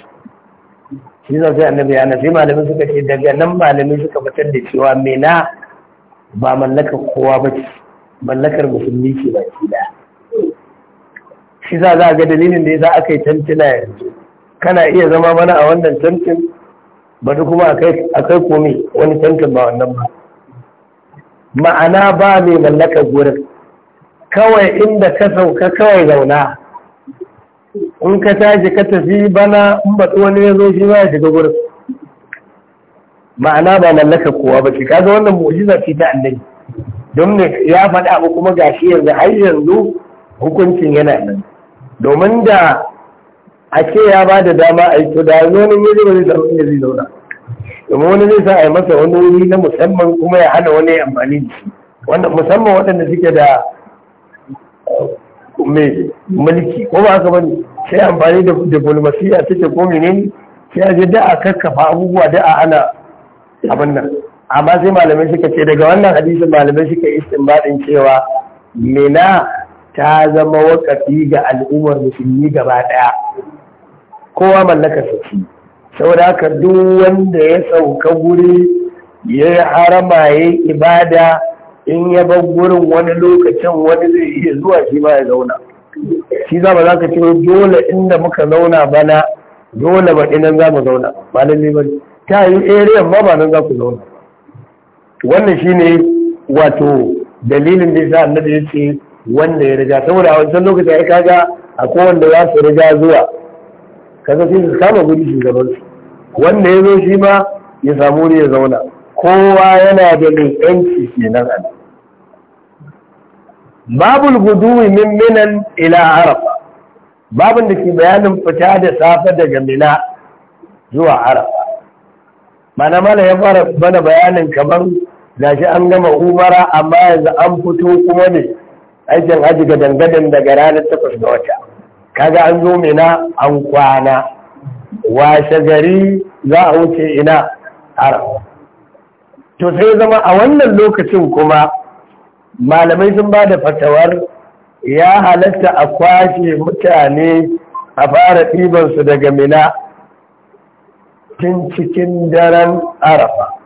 shi sa sai annabi ya na sai malamin suka ce daga nan malamin suka fitar da cewa mena ba mallakar kowa ba ce mallakar musulmi ce ke da shi za a ga dalilin da za a kai tantina yanzu kana iya zama mana a wannan tantin ba kuma a kai komi wani tantin ba wannan ba ma'ana ba mai mallakar gurin kawai inda ka sauka kawai zauna in ka tashi ka tafi bana in ba wani ya zo shi ba ya shiga gurin ma'ana ba mallakar kowa ba ce kaga wannan mu'jiza ce ta annabi don ya faɗa abu kuma gashi yanzu har yanzu hukuncin yana nan domin da a ce ya ba da dama a yi to da wani yanzu ba zai zama inda zai zauna domin wani zai sa a yi masa wani wuri na musamman kuma ya hana wani amfani da shi musamman waɗanda suke da uh, mulki ko ba haka bane sai amfani da diplomasiya take ko menene sai a je da a kakkafa abubuwa da a hana abin nan amma sai malamai suka ce daga wannan hadisin malamai suka yi istinbadin cewa mina ta zama wakafi ga al'ummar musulmi gaba daya kowa mallaka sauki saboda haka duk wanda ya sauka guri ya harama ya ibada in ya bar gurin wani lokacin wani zai iya zuwa shi ba ya zauna shi za ba za ka ce dole inda muka zauna bana dole ba ɗinan za mu zauna ba ne ba ta yi area ba ba nan za ku zauna wannan shine wato dalilin da yasa annabi ya ce wanda ya riga saboda a wancan lokacin ai kaga akwai wanda za su riga zuwa kaga sai su kama gudu shi gaban su wanda ya zo shi ma ya samu ne ya zauna kowa yana da mai kenan a babul gudu min minan ila arafa babin da ke bayanin fita da safe daga mina zuwa Arab, mana mana ya fara mana bayanin kamar shi an gama umara amma yanzu an fito kuma ne aikin haji ga dangadan daga ranar takwas ga wata kaga an zo mina an kwana washe gari za a wuce ina har to sai zama a wannan lokacin kuma malamai sun ba da fatawar ya halatta a kwashe mutane a fara ɗibansu daga mina tun cikin daren arafa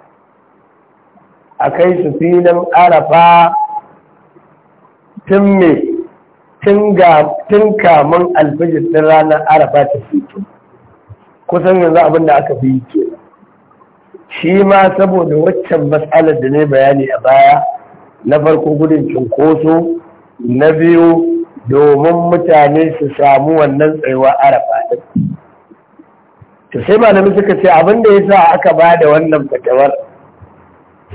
a kai su filin arafa tun me tun kamun alfijir ɗin ranar arafa ta fito kusan yanzu abinda aka fi yi ke shi ma saboda waccan matsalar da ne bayani a baya na farko gudun cunkoso na biyu domin mutane su samu wannan tsayuwa arafa ta to sai malami suka ce abin ya sa aka ba da wannan fatawar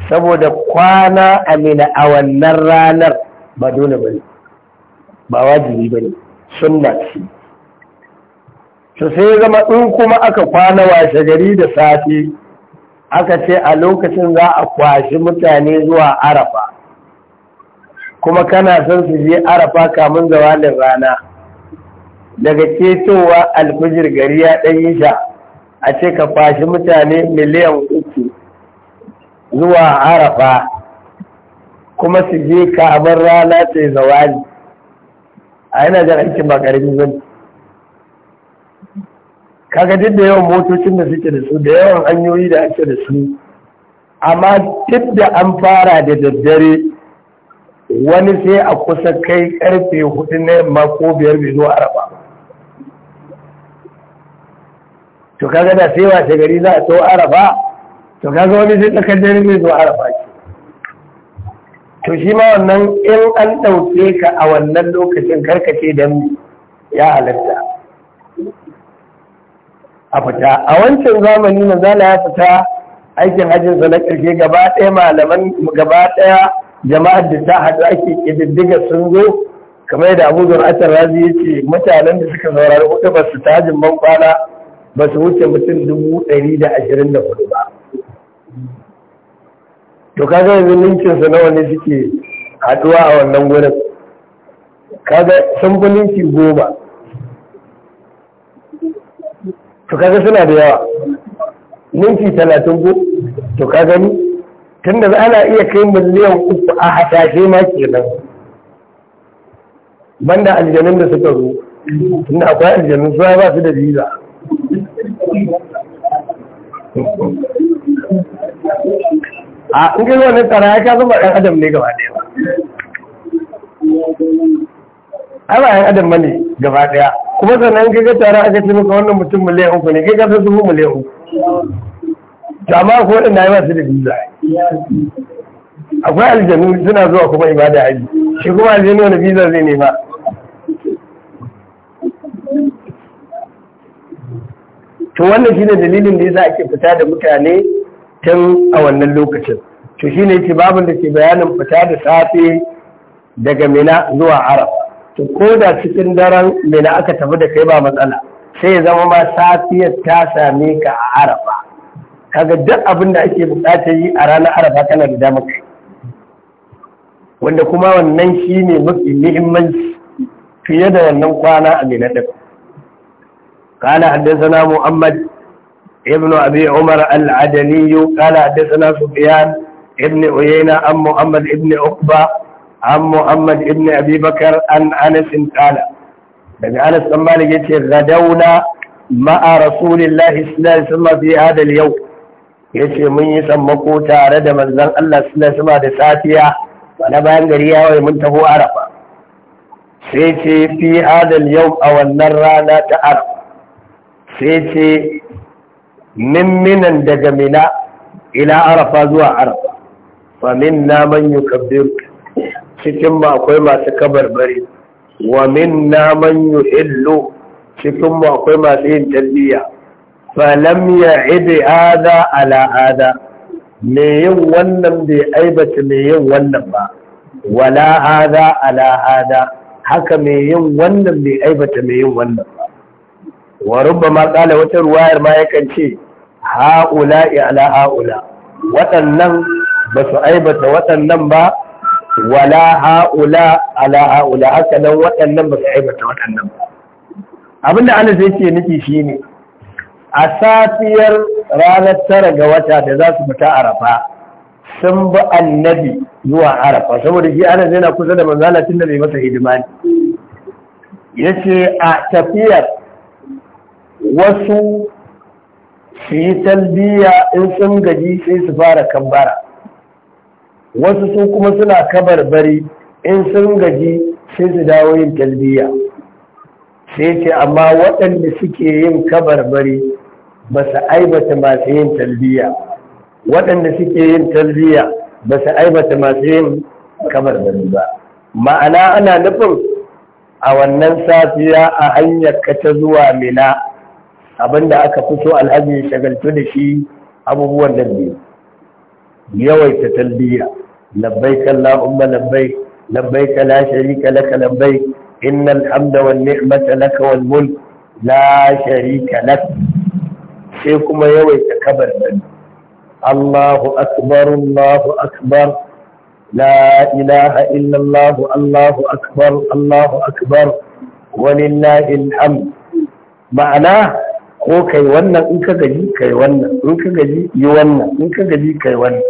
saboda kwana amina a wannan ranar ba dole ba ne ba wajibi ba ne na ce Su sai zama in kuma aka kwana washe gari da safe aka ce a lokacin za a kwashi mutane zuwa arafa kuma kana son su je arafa kamun zawalin rana daga ketowa alfijir gari ya ɗan yi sha a ce ka kwashi mutane miliyan uku zuwa arafa kuma su je kamar rana ce zawali a yana jan aikin ba zan kaga duk da yawan motocin da suke da su da yawan hanyoyi da ake da su amma duk da an fara da daddare wani sai a kusa kai karfe hudu na yamma ko biyar bai zuwa araba to kaga da sai wace gari za a to araba to kaga wani sai takardar zai zo arafa ke to shi ma wannan in an ɗauke ka a wannan lokacin karkace don ya halatta a fita a wancan zamani na zala ya fita aikin hajjinsa na ƙarshe gaba ɗaya malaman gaba ɗaya jama'ar da ta haɗu ake ƙididdiga sun zo kamar da abu zuwa asar razi ya ce mutanen da suka saurari hudu ba su tajin ban kwana ba su wuce mutum dubu ɗari da ashirin da hudu ba to kaga yanzu linkin su nawa ne suke haduwa a wannan gurin kaga sun fi linki goma to kaga suna da yawa linki talatin ko to ka gani tunda ana iya kai miliyan uku a hasashe ma kenan banda aljanun da suka zo tunda akwai aljanun su ba su da visa a in kai wannan tsara ya ka zama ɗan adam ne gaba ɗaya ai ba ɗan adam mani gaba ɗaya kuma sannan kai ga tsara aka ce maka wannan mutum miliyan uku ne kai ka sun dubu miliyan uku to amma ko na yi masu da biza akwai aljanu suna zuwa kuma ibada aji shi kuma aljanu wani biza zai nema to wannan shine dalilin da yasa ake fita da mutane tun a wannan lokacin to shi ne ce babin da ke bayanin fita da safe daga mina zuwa arab to ko da cikin daren mina aka tafi da kai ba matsala sai zama ma safiyar ta same ka a arafa kaga duk abin da ake bukatar yi a ranar arafa kana da damar kai wanda kuma wannan shi ne mafi muhimmanci fiye da wannan kwana a mina ɗin haddasa na ابن أبي عمر العدني قال حدثنا سفيان ابن عيينة عن محمد ابن عقبة عن محمد ابن أبي بكر عن أنس قال daga Anas dan yace radauna ma'a Rasulillahi sallallahu alaihi wasallam fi yau yace mun yi sammako tare da manzon Allah sallallahu alaihi wasallam da safiya wani bayan gari ya waye mun taho Arafa sai ce fi hada yau a wannan rana ta Arafa sai ce min minan daga mina ila arafa zuwa arafa fa minna man yukabbir cikin ma akwai masu kabarbare wa min minna man Illu, cikin ma akwai masu yin talbiya fa lam ya'id hada ala ada, me yin wannan bai aibata me yin wannan ba wala hada ala ada, haka me yin wannan bai aibata me yin wannan ba wa rubbama kala wata ruwayar ma yakan ce haula ala haula waɗannan ba su aibata waɗannan ba wala haula ala haula haka nan waɗannan ba su aibata waɗannan ba abinda Allah zai ce nufi shine a safiyar ranar tara ga wata da za su fita arafa sun bi annabi zuwa arafa saboda shi ana zai na kusa da manzana tun da bai masa hidima ne ya ce a tafiyar wasu su yi talbiya in sun gaji sai su fara kambara wasu su kuma suna kabarbari in sun gaji sai su dawo yin talbiya sai ce amma waɗanda suke yin kabarbari ba su aibata masu yin talbiya waɗanda suke yin talbiya ba su aibata masu yin kabarbari ba ma'ana ana nufin a wannan safiya a hanyar kata zuwa mina abinda aka fi so alhaji ya shagaltu da shi abubuwan nan ne yawaita talbiya labbaik allahumma labbaik labbaik la sharika laka labbaik innal hamda wan ni'mata laka wal mulk la sharika lak sai kuma yawaita kabar nan Allahu akbar Allahu akbar la ilaha illa Allah Allahu akbar Allahu akbar walillahi alhamd ma'ana ko kai wannan in ka gaji kai wannan in ka gaji yi wannan in ka gaji kai wannan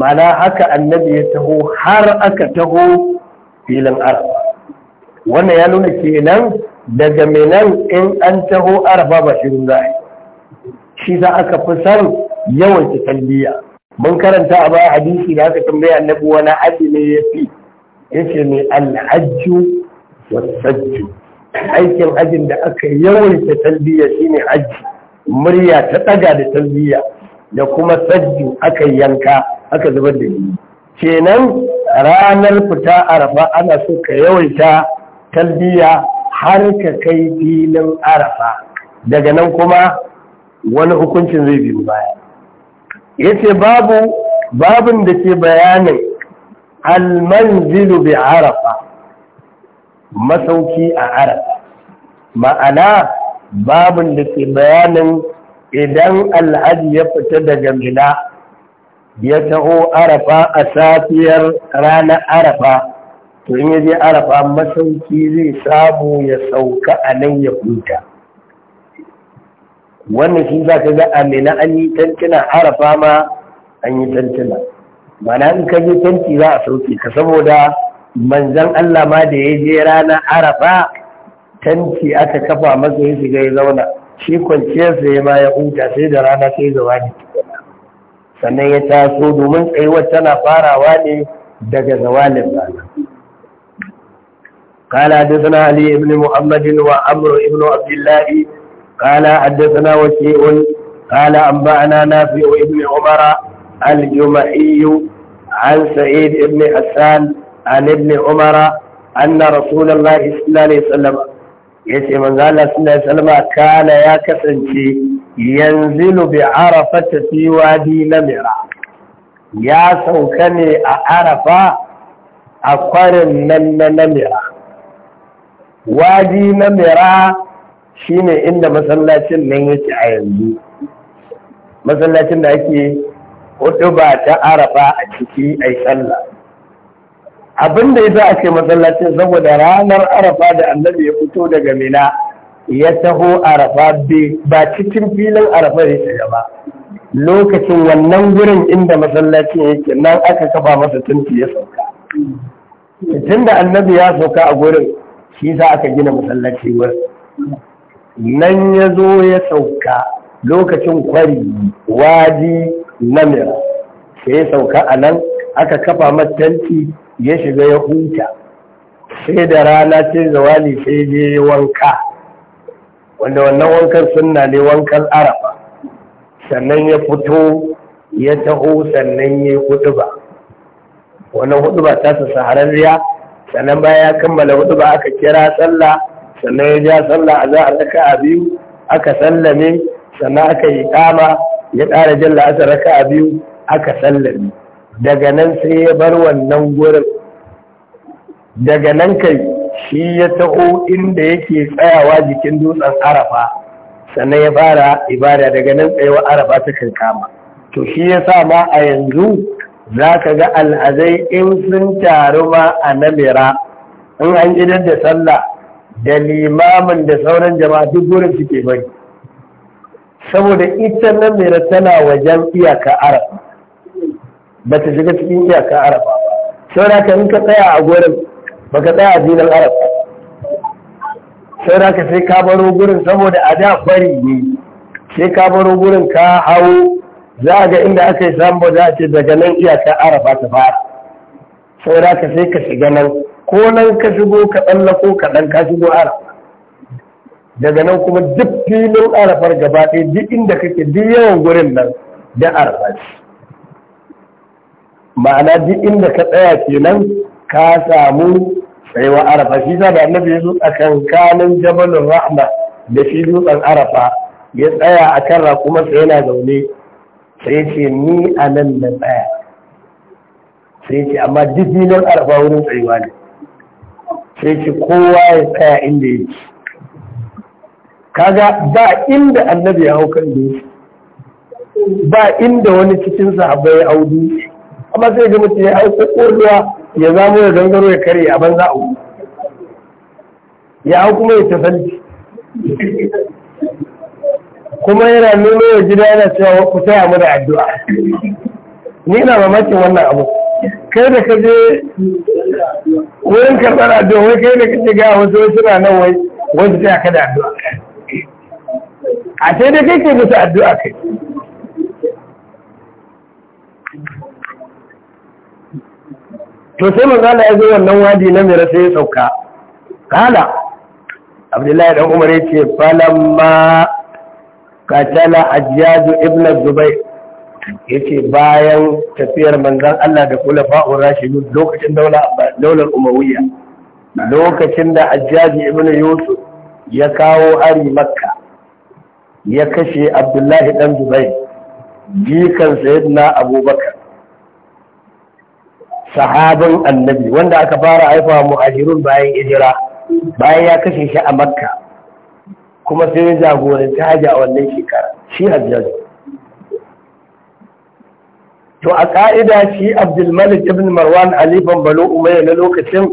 ma'ana haka annabi ya taho har aka taho filin arafa wannan ya nuna kenan daga minan in an taho arafa ba shirin za a shi za aka fi san yawan talbiya mun karanta a ba hadisi da aka tambaya annabi wani abu ne ya fi yace mai alhajju wasajju aikin hajjin da aka yawaita talbiya shine hajji murya ta daga da talbiya da kuma sajju aka yanka aka zubar da yi. kenan ranar fita arafa ana so ka yawaita talbiya har ka kai filin arafa daga nan kuma wani hukuncin zai biyu baya Ya ce babu babin da ke bayanin almanzilu bi arafa masauki a arafa ma'ana babin da ke bayanin idan al'adu ya fita daga mina ya taho arafa a safiyar ranar arafa to in yaje arafa masauki zai samu ya sauka a nan ya huta wannan shi za ka ga a mina an yi tantina arafa ma an yi tantina mana in ka je tanti za a sauke ka saboda manzan Allah ma da ya je rana arafa tanki aka kafa masa ya shiga ya zauna shi kwanciyarsa ya ma ya huta sai da rana sai zawa ne sannan ya taso domin tsayuwar tana farawa ne daga zawalin rana قال حدثنا علي بن محمد وعمر بن عبد الله قال حدثنا وكيع قال أنبأنا نافع بن عمر الجمعي عن سعيد بن حسان an ibn umara anna rasulullahi sallallahu alaihi wasallam yace manzo Allah sallallahu alaihi wasallam kana ya kasance yanzilu arafa arafat fi wadi namira ya sauka ne a arafa a kwarin nan na namira wadi namira shine inda masallacin nan yake a yanzu masallacin da ake hudu ba ta arafa a ciki ai sallah abin da za a ce masallacin saboda ranar arafa da annabi ya fito daga mina ya taho arafa ba cikin filin arafa ya shiga ba lokacin wannan gurin inda masallacin yake nan aka kafa masa tunti ya sauka tun da annabi ya sauka a gurin shi sa aka gina masallaci wurin nan ya zo ya sauka lokacin kwari wadi namira sai ya sauka a nan aka kafa masa tanti ya shiga ya huta sai da rana ce zawali sai je wanka wanda wannan wankan suna ne wankan arafa sannan ya fito ya taho sannan ya hudu ba wannan hudu ba ta sahararriya sannan baya ya kammala hudu aka kira sallah sannan ya ja sallah a za a raka a biyu aka sallame sannan aka yi kama ya ƙara jalla a raka a biyu aka sallame daga nan sai ya bar wannan gurin daga nan kai shi ya taho inda yake tsayawa jikin dutsen arafa sannan ya fara ibada daga nan tsayawa arafa ta kankama to shi ya sa ma a yanzu za ka ga al'azai in sun taru ma a namira in an gidan da sallah da limamin da sauran jama'a duk gurin suke bari saboda ita namira tana wajen iyaka arafa ba ta shiga cikin iyaka arafa sai raka ka in ka tsaya a gurin ba ka tsaya a filin arafa sai raka ka sai ka baro gurin saboda a da fari ne sai ka baro gurin ka hau za a ga inda aka yi samu za a ce daga nan iyaka arafa ta fara sai raka ka sai ka shiga nan ko nan ka shigo ka tsallako kaɗan ka shigo arafa daga nan kuma duk filin arafar gaba ɗaya duk inda kake duk yawan gurin nan da arafa ce ma'ana duk inda ka tsaya kenan ka samu tsayuwa arafa shi sa da annabi ya zo kankanin jabalin rahma da shi dutsen arafa ya tsaya a kan rakumarsa yana zaune sai ce ni a nan na tsaya sai ce amma duk filin arafa wurin tsayuwa ne sai ce kowa ya tsaya inda ya ci kaga ba inda annabi ya hau kan dutse ba inda wani cikin sahabbai ya hau dutse amma sai ga mutum ya aiko koduwa ya zamo ya dangaro ya kare a banza a ya hau kuma ya tafalci kuma yana nuna wa gida yana cewa ku taya mu da addu'a ni na mamakin wannan abu kai da ka je wurin karɓar addu'a wai kai da ka je ga wasu wasu na nan wai wasu taya ka da addu'a a sai dai kai ke musu addu'a kai to sai manzala ya zo wannan wadi na mira sai ya sauka kala abdullahi dan umar ya ce falamma katala ajjadu ibn zubair yace bayan tafiyar manzan Allah da kulafa rashidun lokacin daular umawiyya lokacin da ajjaji ibn yusuf ya kawo ari makka ya kashe abdullahi dan zubair jikan sayyidina abubakar sahabin annabi wanda aka fara haifa muhajirun bayan Ijira bayan ya kashe shi a makka kuma sai ya jagoranta haja a wannan shekara shi hajjaji to a ƙa'ida shi abdulmalik ibn marwan alifan balo umayya na lokacin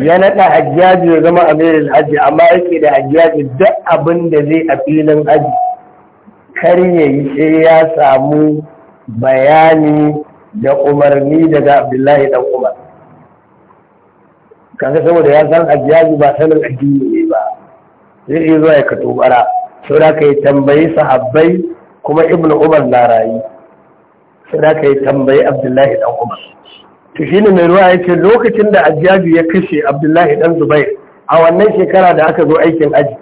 ya naɗa hajjaji ya zama amirin hajji amma yake da hajjaji duk abin da zai a filin hajji kar ya yi sai ya samu bayani da umarni daga abdullahi dan umar kaga saboda ya san ajiyaji ba sanin addini ne ba zai iya zuwa ya kato bara sau da ka yi tambayi sahabbai kuma ibnu umar na rayu sau da ka yi tambayi abdullahi dan umar to shine mai ruwa ya ce lokacin da ajiyaji ya kashe abdullahi dan zubair a wannan shekara da aka zo aikin aji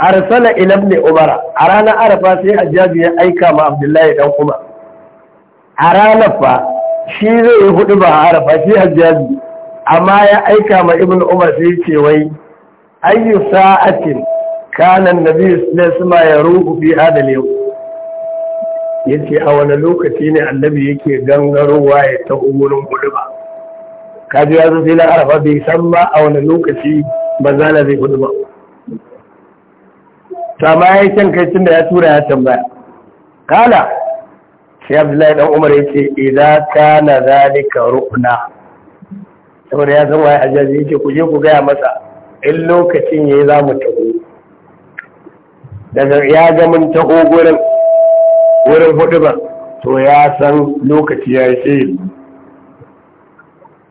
arsala ila ibn umar a ranar arafa sai ajiyaji ya aika ma abdullahi dan umar a ranar fa shi zai yi hudu ba a arafa shi hajjaji amma ya aika ma ibn umar sai ce wai ayyu sa'atin kana annabi na alaihi ya ruhu fi hadal Ya ce a wani lokaci ne annabi yake gangarowa ya ta umurin hudu ba kaji ya zafi sai na arafa bai san ba a wani lokaci ba za na zai hudu ba ta ma ya kyan kai tun da ya tura ya tambaya kala sai abdullahi dan umar yace ka na zalika ru'na saboda ya san wai hajjaji yake ku je ku gaya masa in lokacin yayi za mu taho daga ya ga mun taho gurin wurin hudu ba to ya san lokaci ya yi shi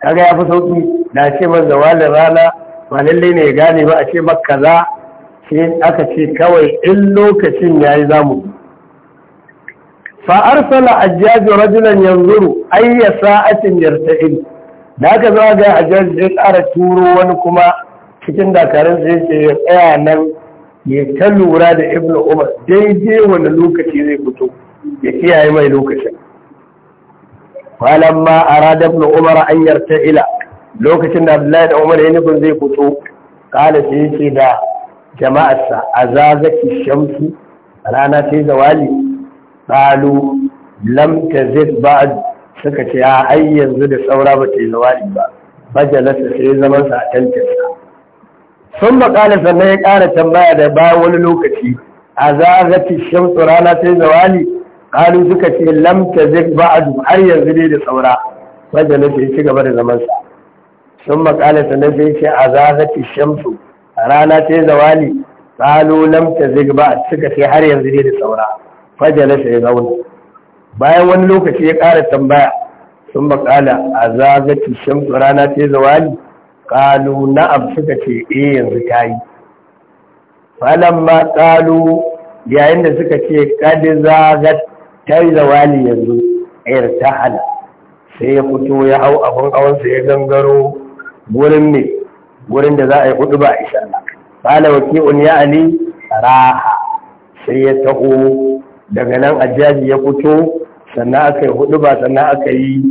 kaga ya fi sauki na ce man zawalin rana ba lalle ne ya gane ba a ce maka za sai aka ce kawai in lokacin ya yi zamu fa arsala رجلا ينظر yanzuru ayya يرتئل yarta'il da aka zama ga ajjaj zai ƙara turo wani kuma cikin dakarun zai ce ya tsaya nan ya ta lura da ibnu umar daidai wani lokaci zai fito ya kiyaye mai lokacin falamma arada ibnu umar an ila lokacin da abdullahi da umar ya nufin zai fito kala sai ce da jama'arsa a zazaki shamsu rana sai zawali qalu lam tazid ba'd suka ce a ai yanzu da saura ba ta yi zawali ba bajalasa sai zaman sa a tantarsa sun makala sannan ya ƙara tambaya da bayan wani lokaci a zagati shamsu rana sai yi zawali kalu suka ce lam tazid ba'd har yanzu dai da saura bajalasa ya ci gaba da zaman sa sun makala sannan sai ce a zagati shamsu rana sai zawali kalu lam tazid ba'd suka ce har yanzu dai da saura fajalasa ya zauna bayan wani lokaci ya ƙara tambaya sun makala a zagaci shamsu rana ta zawali ƙalu na'am suka ce eh yanzu ta yi falon ma kalu yayin da suka ce ƙadi zagat ta yi zawali yanzu ayar ta hana sai ya fito ya hau abin awansa ya gangaro gurin ne gurin da za a yi hudu ba a isha ƙala waki'un ya ali raha sai ya taho daga nan a ajaji ya fito sannan aka yi hudu ba sannan aka yi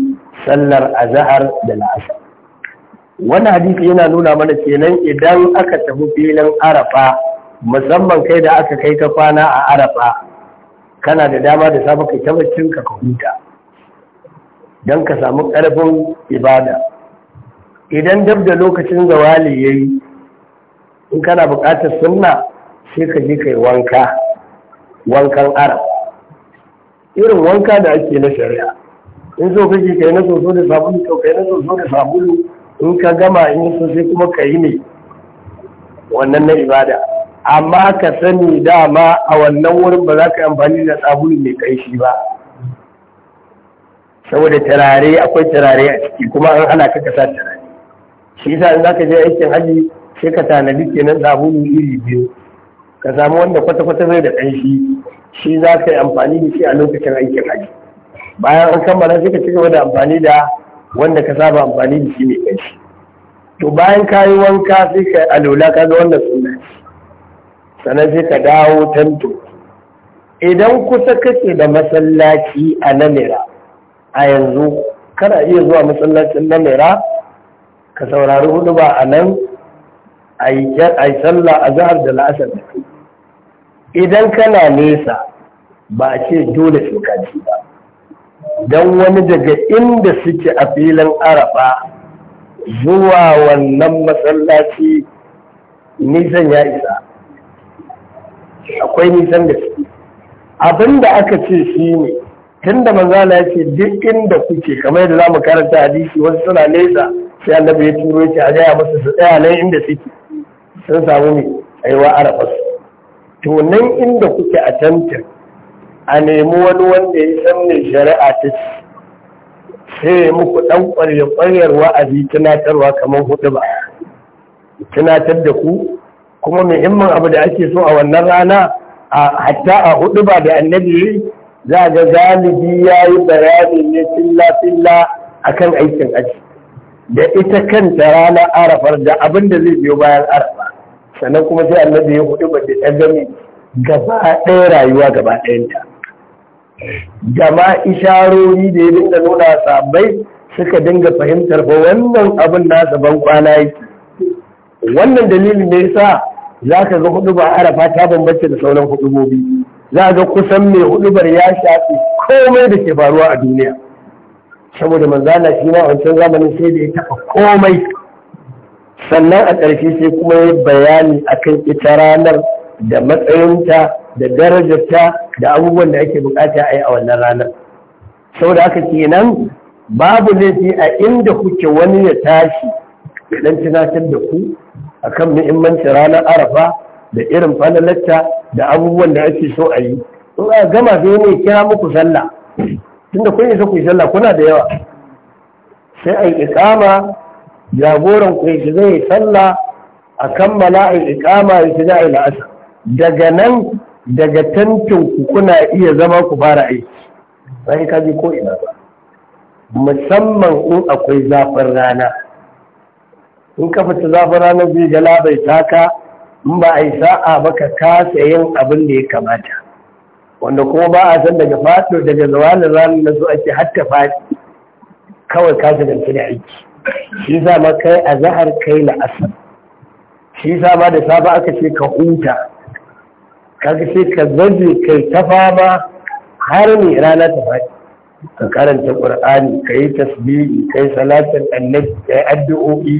sallar azahar da la'asar wannan hadisi yana nuna mana kenan idan aka tafi filin arafa musamman kai da aka kai ka kwana a arafa kana da dama da safe kai ta baccin ka huta don ka samu ƙarfin ibada idan dab da lokacin zawali ya yi, in kana buƙatar sunna sai ka je kai wanka wankan arafa irin wanka da ake na shari'a in so kake kai na soso da sabulu to kai na soso da sabulu in ka gama in so sai kuma ka yi ne wannan na ibada amma ka sani dama a wannan wurin ba za ka yi amfani da sabulu mai kaishi ba saboda tarare akwai tarare a ciki kuma an ana ka kasa tarare shi yasa in za ka je aikin hajji sai ka tanadi kenan sabulu iri biyu ka samu wanda kwata-kwata zai da ƙanshi shi za ka yi amfani da shi a lokacin aikin haji bayan an kammala sai ka ci gaba da amfani da wanda ka saba amfani da shi mai kanshi to bayan ka yi wanka sai ka alola ka ga wannan shi sannan sai ka dawo tanto idan kusa kake da masallaci a namira a yanzu kana iya zuwa masallacin namira ka saurari hudu ba a nan a yi sallah a zahar da la'asar da kai idan kana nesa ba a ce dole su ji ba don wani daga inda suke a filin arafa zuwa wannan masallaci nisan ya isa akwai nisan da suke abinda aka ce shi ne tun da manzana ya ce duk inda kuke kamar yadda za mu karanta hadisi wasu suna nesa sai annabi ya turo ce a gaya masa su tsaya nan inda suke sun samu ne aiwa arafa su to inda kuke a tantin a nemi wani wanda ya san mai shari'a ta ce sai muku ɗan ƙwarya-ƙwaryar wa'azi tunatarwa kamar hudu ba tunatar da ku kuma muhimmin abu da ake so a wannan rana a hatta a hudu ba da annabi za a ga zalibi ya yi bayani ne filla-filla a kan aikin aji da ita kanta ranar arafar da abin da zai biyo bayan arafa sannan kuma sai annabi ya hudu ba da gami gaba ɗaya rayuwa gaba ɗayanta gama isharori da ya dinga nuna sabai suka dinga fahimtar ba wannan abin nasa ban kwana yi wannan dalilin ne sa za ka ga hudu ba arafa ta bambance da sauran gobe za ga kusan mai bar ya shafi komai da ke faruwa a duniya saboda manzana shi na wancan zamanin sai da ya taɓa komai sannan a ƙarshe sai kuma ya bayani akan ita ranar da matsayinta da darajarta da abubuwan da ake bukata a yi a wannan ranar Sau saboda haka kenan babu laifi a inda kuke wani ya tashi dan tunatar da ku akan muhimmanci ranar arafa da irin falalarta da abubuwan da ake so a yi in a gama sai ne kira muku sallah tunda kun isa ku yi sallah kuna da yawa sai a yi ikama jagoran ku yake zai sallah a kammala iqama ibtida al asr daga nan daga tantin ku kuna iya zama ku fara aiki sai ka ji ko ina ba musamman in akwai zafin rana in ka fita zafin rana zai gala bai taka in ba a yi sa'a ba ka kasa yin abin da ya kamata wanda kuma ba a san daga faɗo daga zawalin ranar da su ake hatta fadi kawai ka shiga da aiki shi sa ma kai a zahar kai la'asar shi sa ma da safe aka ce ka huta kaga sai ka zaje kai ta fama har ne rana ta faɗi ka karanta ƙur'ani ka yi tasbihi ka yi salatin annabi ka yi addu'o'i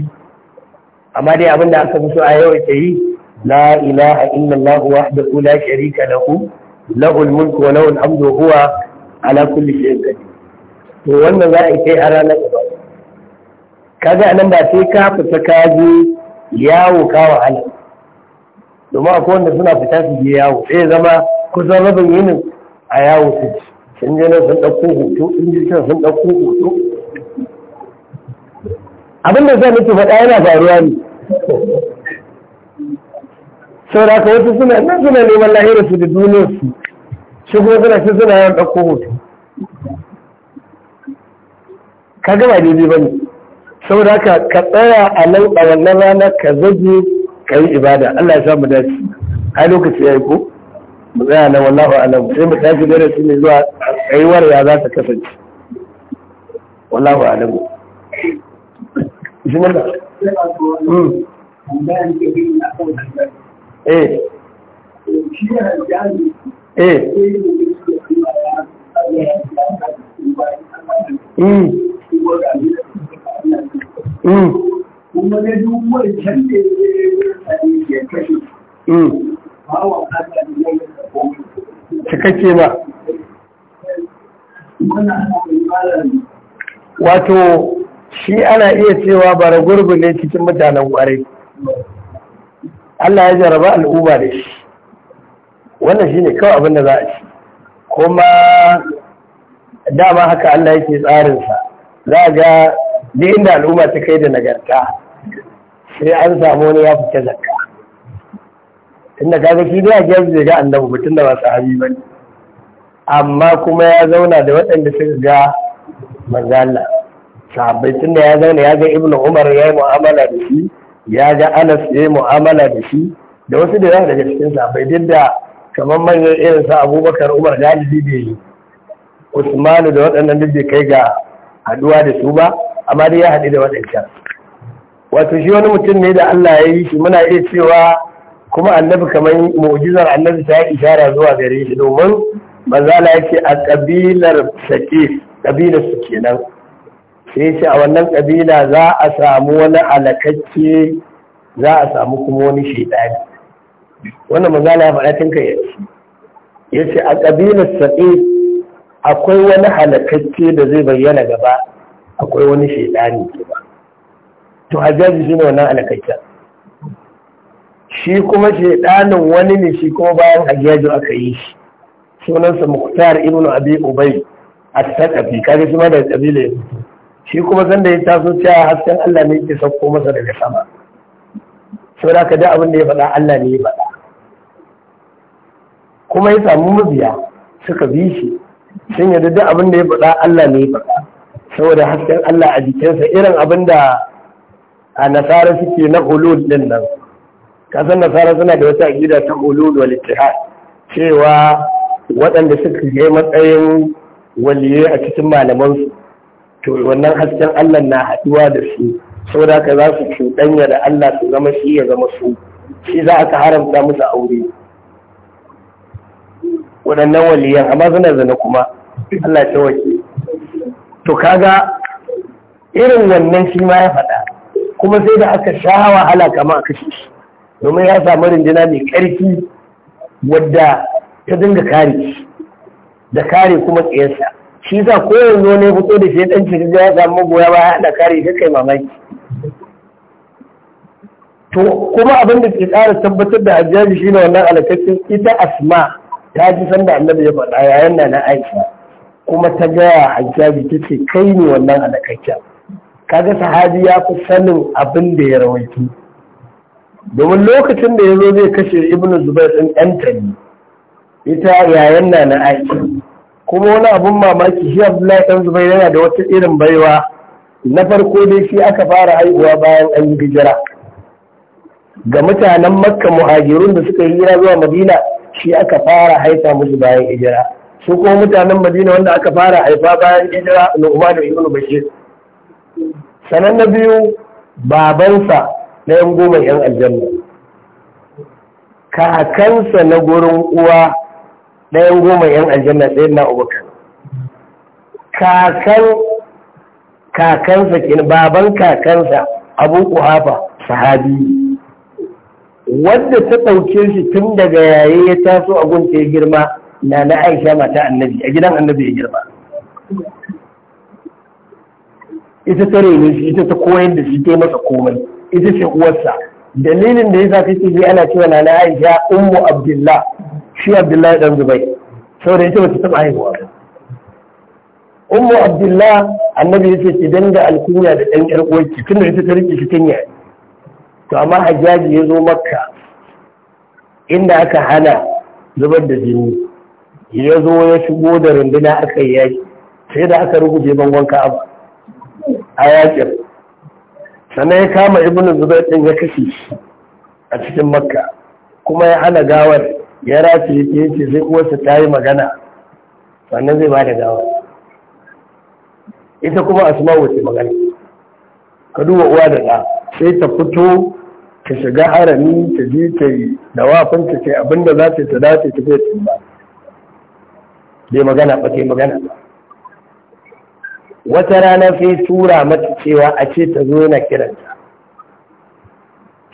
amma dai abin da aka fi so a yau ta yi la ilaha illallah wahdahu la sharika lahu lahul mulku wa lahul hamdu huwa ala kulli shay'in qadir to wannan za a yi kai a ranar gaba kaga nan ba sai ka fita ka je yawo ka wahala domin akwai wanda suna fita su je yawo sai zama kusan rabin yinin a yawo su sun je na sun ɗauko hoto sun je sun sun ɗauko hoto abin da zan nufi faɗa yana faruwa ne saboda ka wasu suna nan suna neman lahirar su da duniyar su shi kuma suna shi suna yawan ɗauko hoto ka gaba daidai ba ne saboda haka ka tsaya a nan a wannan rana ka zaje ka yi ibada Allah ya samu dace ai lokaci yayi ko mu tsaya nan wallahu alam sai mu tafi darasi ne zuwa tsayuwar ya za ta kasance wallahu alam hmm. eh eh hmm. Mm. kuma na mm. da kashe cikakke ba wato shi ana iya cewa bara gurbi ne cikin mutanen kwarai Allah ya jaraba al'uba da shi wannan shi ne kawai abin da za a ci kuma dama haka Allah yake tsarinsa za a ga da inda al'umma ta kai da nagarta sai an samu wani ya fita zakka Tunda kaga shi dai a gefe da ga annabi mutum da ba sahabi ba. amma kuma ya zauna da waɗanda suka ga manzo Allah sahabbai tunda ya zauna ya ga Ibnu Umar ya yi mu'amala da shi ya ga Anas ya yi mu'amala da shi da wasu da yawa daga cikin sahabbai duk da kamar manyan irin sa Abubakar Umar galibi da yi Usmanu da waɗannan duk da kai ga haduwa da su ba amma dai ya haɗu da waɗancan wato shi wani mutum ne da Allah ya yi shi muna iya cewa kuma annabi kamar mu'jizar annabi ta yi ishara zuwa gare shi domin manzala yake a kabilar sake kabilar su kenan sai yace a wannan kabila za a samu wani alakacce za a samu kuma wani shaidani wannan manzala ya faɗa tun kai yace a kabilar sake akwai wani halakacce da zai bayyana gaba akwai wani shaidani to hajjaji shi ne wannan halakacce. shi kuma shaidanin wani ne shi kuma bayan hajjaji aka yi shi sunansa muktar ibn abi ubay at-taqafi kaga shi ma da kabila ya shi kuma sanda ya taso cewa hasken Allah ne yake sauko masa daga sama saboda ka da abin da ya faɗa Allah ne ya faɗa kuma ya samu mabiya suka bi shi sun yadda duk abin da ya faɗa Allah ne ya faɗa saboda hasken Allah a jikinsa irin abin da a nasara suke na hulul din nan kasan nasara suna da wata gida ta hulul wal ittihad cewa waɗanda suka kai matsayin waliyai a cikin malamansu to wannan hasken Allah na haɗuwa da su saboda haka za su cuɗanya da Allah su zama shi ya zama su shi za a haramta musu aure waɗannan waliyan amma suna zana kuma Allah ta wake to kaga irin wannan shi ma ya faɗa kuma sai da aka sha wahala kama a kashe shi domin ya samu rinjina mai ƙarfi wadda ta dinga kare da kare kuma tsayensa shi sa ko yanzu ne fito da shi dan cikin ya samu magoya ya haɗa kare shi kai mamaki to kuma abin da ke ƙara tabbatar da hajjaji ne wannan alakacin ita asma ta ji sanda annabi ya faɗa yayin na na aisha kuma ta gaya hajjabi ta ce kai ne wannan alakakken kaga sahabi ya fi sanin abin da ya rawaito domin lokacin da ya zo zai kashe ibnu zubair ɗin ɗantani ita yayan na na aiki kuma wani abun mamaki shi abdullahi ɗan zubair yana da wata irin baiwa na farko dai shi aka fara haihuwa bayan an yi hijira ga mutanen makka muhajirun da suka yi hira zuwa madina shi aka fara haifa musu bayan hijira su kuma mutanen madina wanda aka fara haifa bayan hijira nu'man ibn bashir sanan na biyu babansa na yan goma yan aljanna kakansa na gurin uwa na yan goma yan aljanna ɗaya na abubakar kakan kakansa kenan baban kakansa abu kuhafa sahabi wadda ta ɗauke shi tun daga yayi ya taso a gunta ya girma na na aisha mata annabi a gidan annabi ya girma ita ta rene shi ita ta koyar da shi ta masa komai ita ce uwarsa dalilin da ya yasa kake ji ana cewa na na aisha ummu abdullah shi abdullahi dan zubai saboda ita bata taba haihuwa ba ummu abdullah annabi ce ki danga alkunya da dan yar uwarki tunda ita ta rike shi kanya to amma hajjaji ya zo makka inda aka hana zubar da jini ya zo ya shigo da runduna aka yi yaki sai da aka rubuce bangon ka'aba a yakin sannan ya kama ibn zubair din ya kashe shi a cikin makka kuma ya hana gawar ya race ya ce sai uwarsa ta yi magana sannan zai ba da gawar ita kuma asma wace magana ka duba uwa da ɗa sai ta fito ta shiga harami ta je ta yi da wafin ta ce abinda za ta ta dace ta zai ba bai magana ba sai magana wata rana sai tura mata cewa a ce ta zo yana kiranta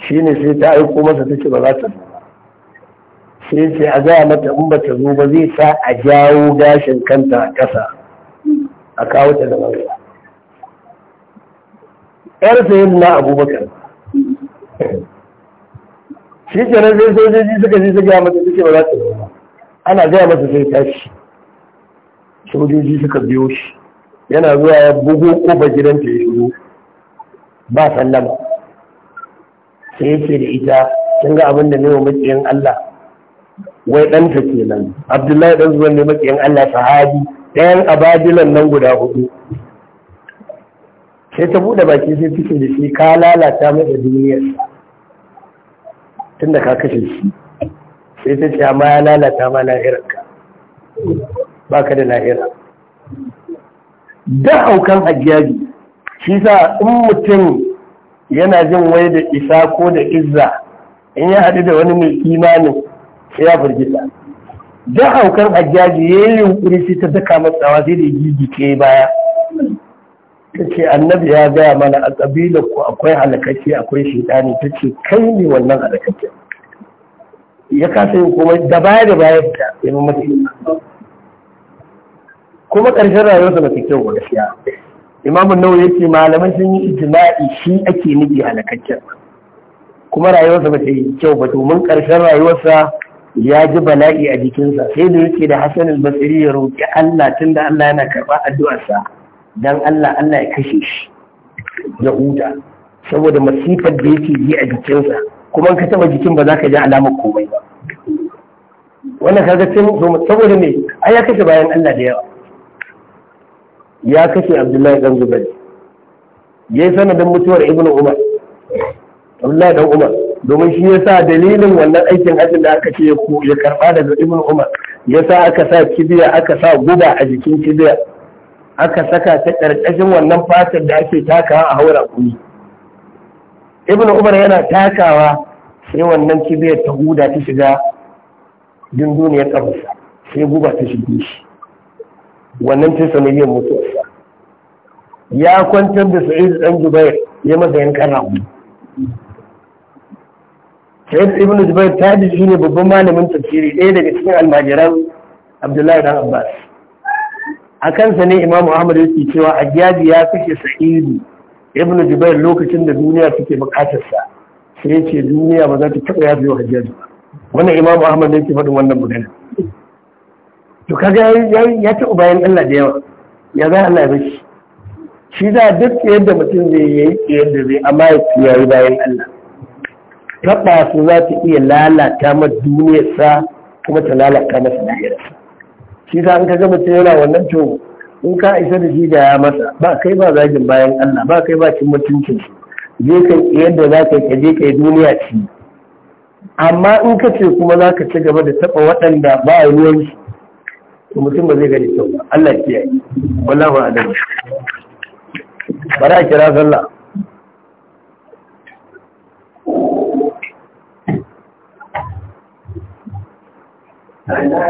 shine sai ta aiko masa ta ce ba za ta zo sai ce a gaya mata in ba ta zo ba zai sa a jawo gashin kanta a ƙasa a kawo ta da mawuya yar sayin na abubakar shi nan sai sojoji suka ji suka gaya mata ta ce ba za ta zo ba ana gaya mata sai tashi sojoji suka biyo shi yana zuwa ya bugo ƙofar gidanta ya shigo ba sallama sai yake da ita kin ga abin da nema makiyan Allah wai ɗanta kenan Abdullahi dan zuwan ne makiyan Allah sahabi ɗayan ababilan nan guda hudu sai ta buɗe baki sai take da shi ka lalata masa duniyar tunda ka kashe shi sai ta ce amma ya lalata ma irinka ba ka da lahira da haukan ajiyaji, shi sa in mutum yana jin wai da isa ko da izza in ya haɗu da wani mai imanin ya firgita da haukan ajiyaji ya yi yunkuri sai ta daka matsawa sai da gigike baya ta ce annabi ya gaya mana a ƙabilar ku akwai halakakke akwai shaidani ta ce kai ne wannan halakakke ya kasa yin komai da baya da baya ta yi mamaye kuma ƙarshen rayuwarsa ba ta kyau ba gaskiya imamu ya ce malaman sun yi ijma'i shi ake nufi halakakken kuma rayuwarsa ba ta kyau ba domin ƙarshen rayuwarsa ya ji bala'i a jikinsa sai da yake da Hassan al ya roƙi Allah tun da Allah yana karɓa addu'arsa dan Allah Allah ya kashe shi ya huta saboda masifar da yake ji a jikinsa kuma ka taba jikin ba za ka ji alamar komai ba wannan kaga tun saboda ne ai ya kashe bayan Allah da yawa ya kashe abdullahi dan zubair ya yi sanadin mutuwar Ibn umar abdullahi dan umar domin shi ya sa dalilin wannan aikin hajjin da aka ce ya karba daga Ibn umar ya sa aka sa kibiya aka sa guba a jikin kibiya aka saka ta ƙarƙashin wannan fatar da ake takawa a haura kuni Ibn umar yana takawa sai wannan kibiya ta huda ta shiga ya ƙafarsa sai guba ta shige shi wannan ta sanadiyar mutuwa ya kwantar da sa'id Ɗan jubair ya masa yankan rago sa'id ibn jubair shi ne babban malamin tafsiri ɗaya daga cikin almajiran abdullahi dan abbas a kansa ne imamu ahmad yake cewa ajabi ya kashe sa'idu ibn jubair lokacin da duniya take buƙatar sa sai ya ce duniya ba za ta taɓa ya biyo hajjaji wannan imamu ahmad yake faɗin wannan magana to kaga ya taɓa bayan allah da yawa ya za allah ya bashi shi za duk yadda mutum zai yi yadda zai amma ya yi bayan Allah taɓa su za ta iya lalata ma duniyarsa kuma ta lalata masa lahirarsa. shi za an ka ga mutum yana wannan to in ka isa da shi da ya masa ba kai ba zagin bayan Allah ba kai ba cin mutuncin je ka yadda za ka yi ka yi duniya ci amma in ka ce kuma za ka ci gaba da taɓa waɗanda ba a ruwan su. mutum ba zai gani kyau ba Allah ya kiyaye wallahu a'lam ba za a kira sallah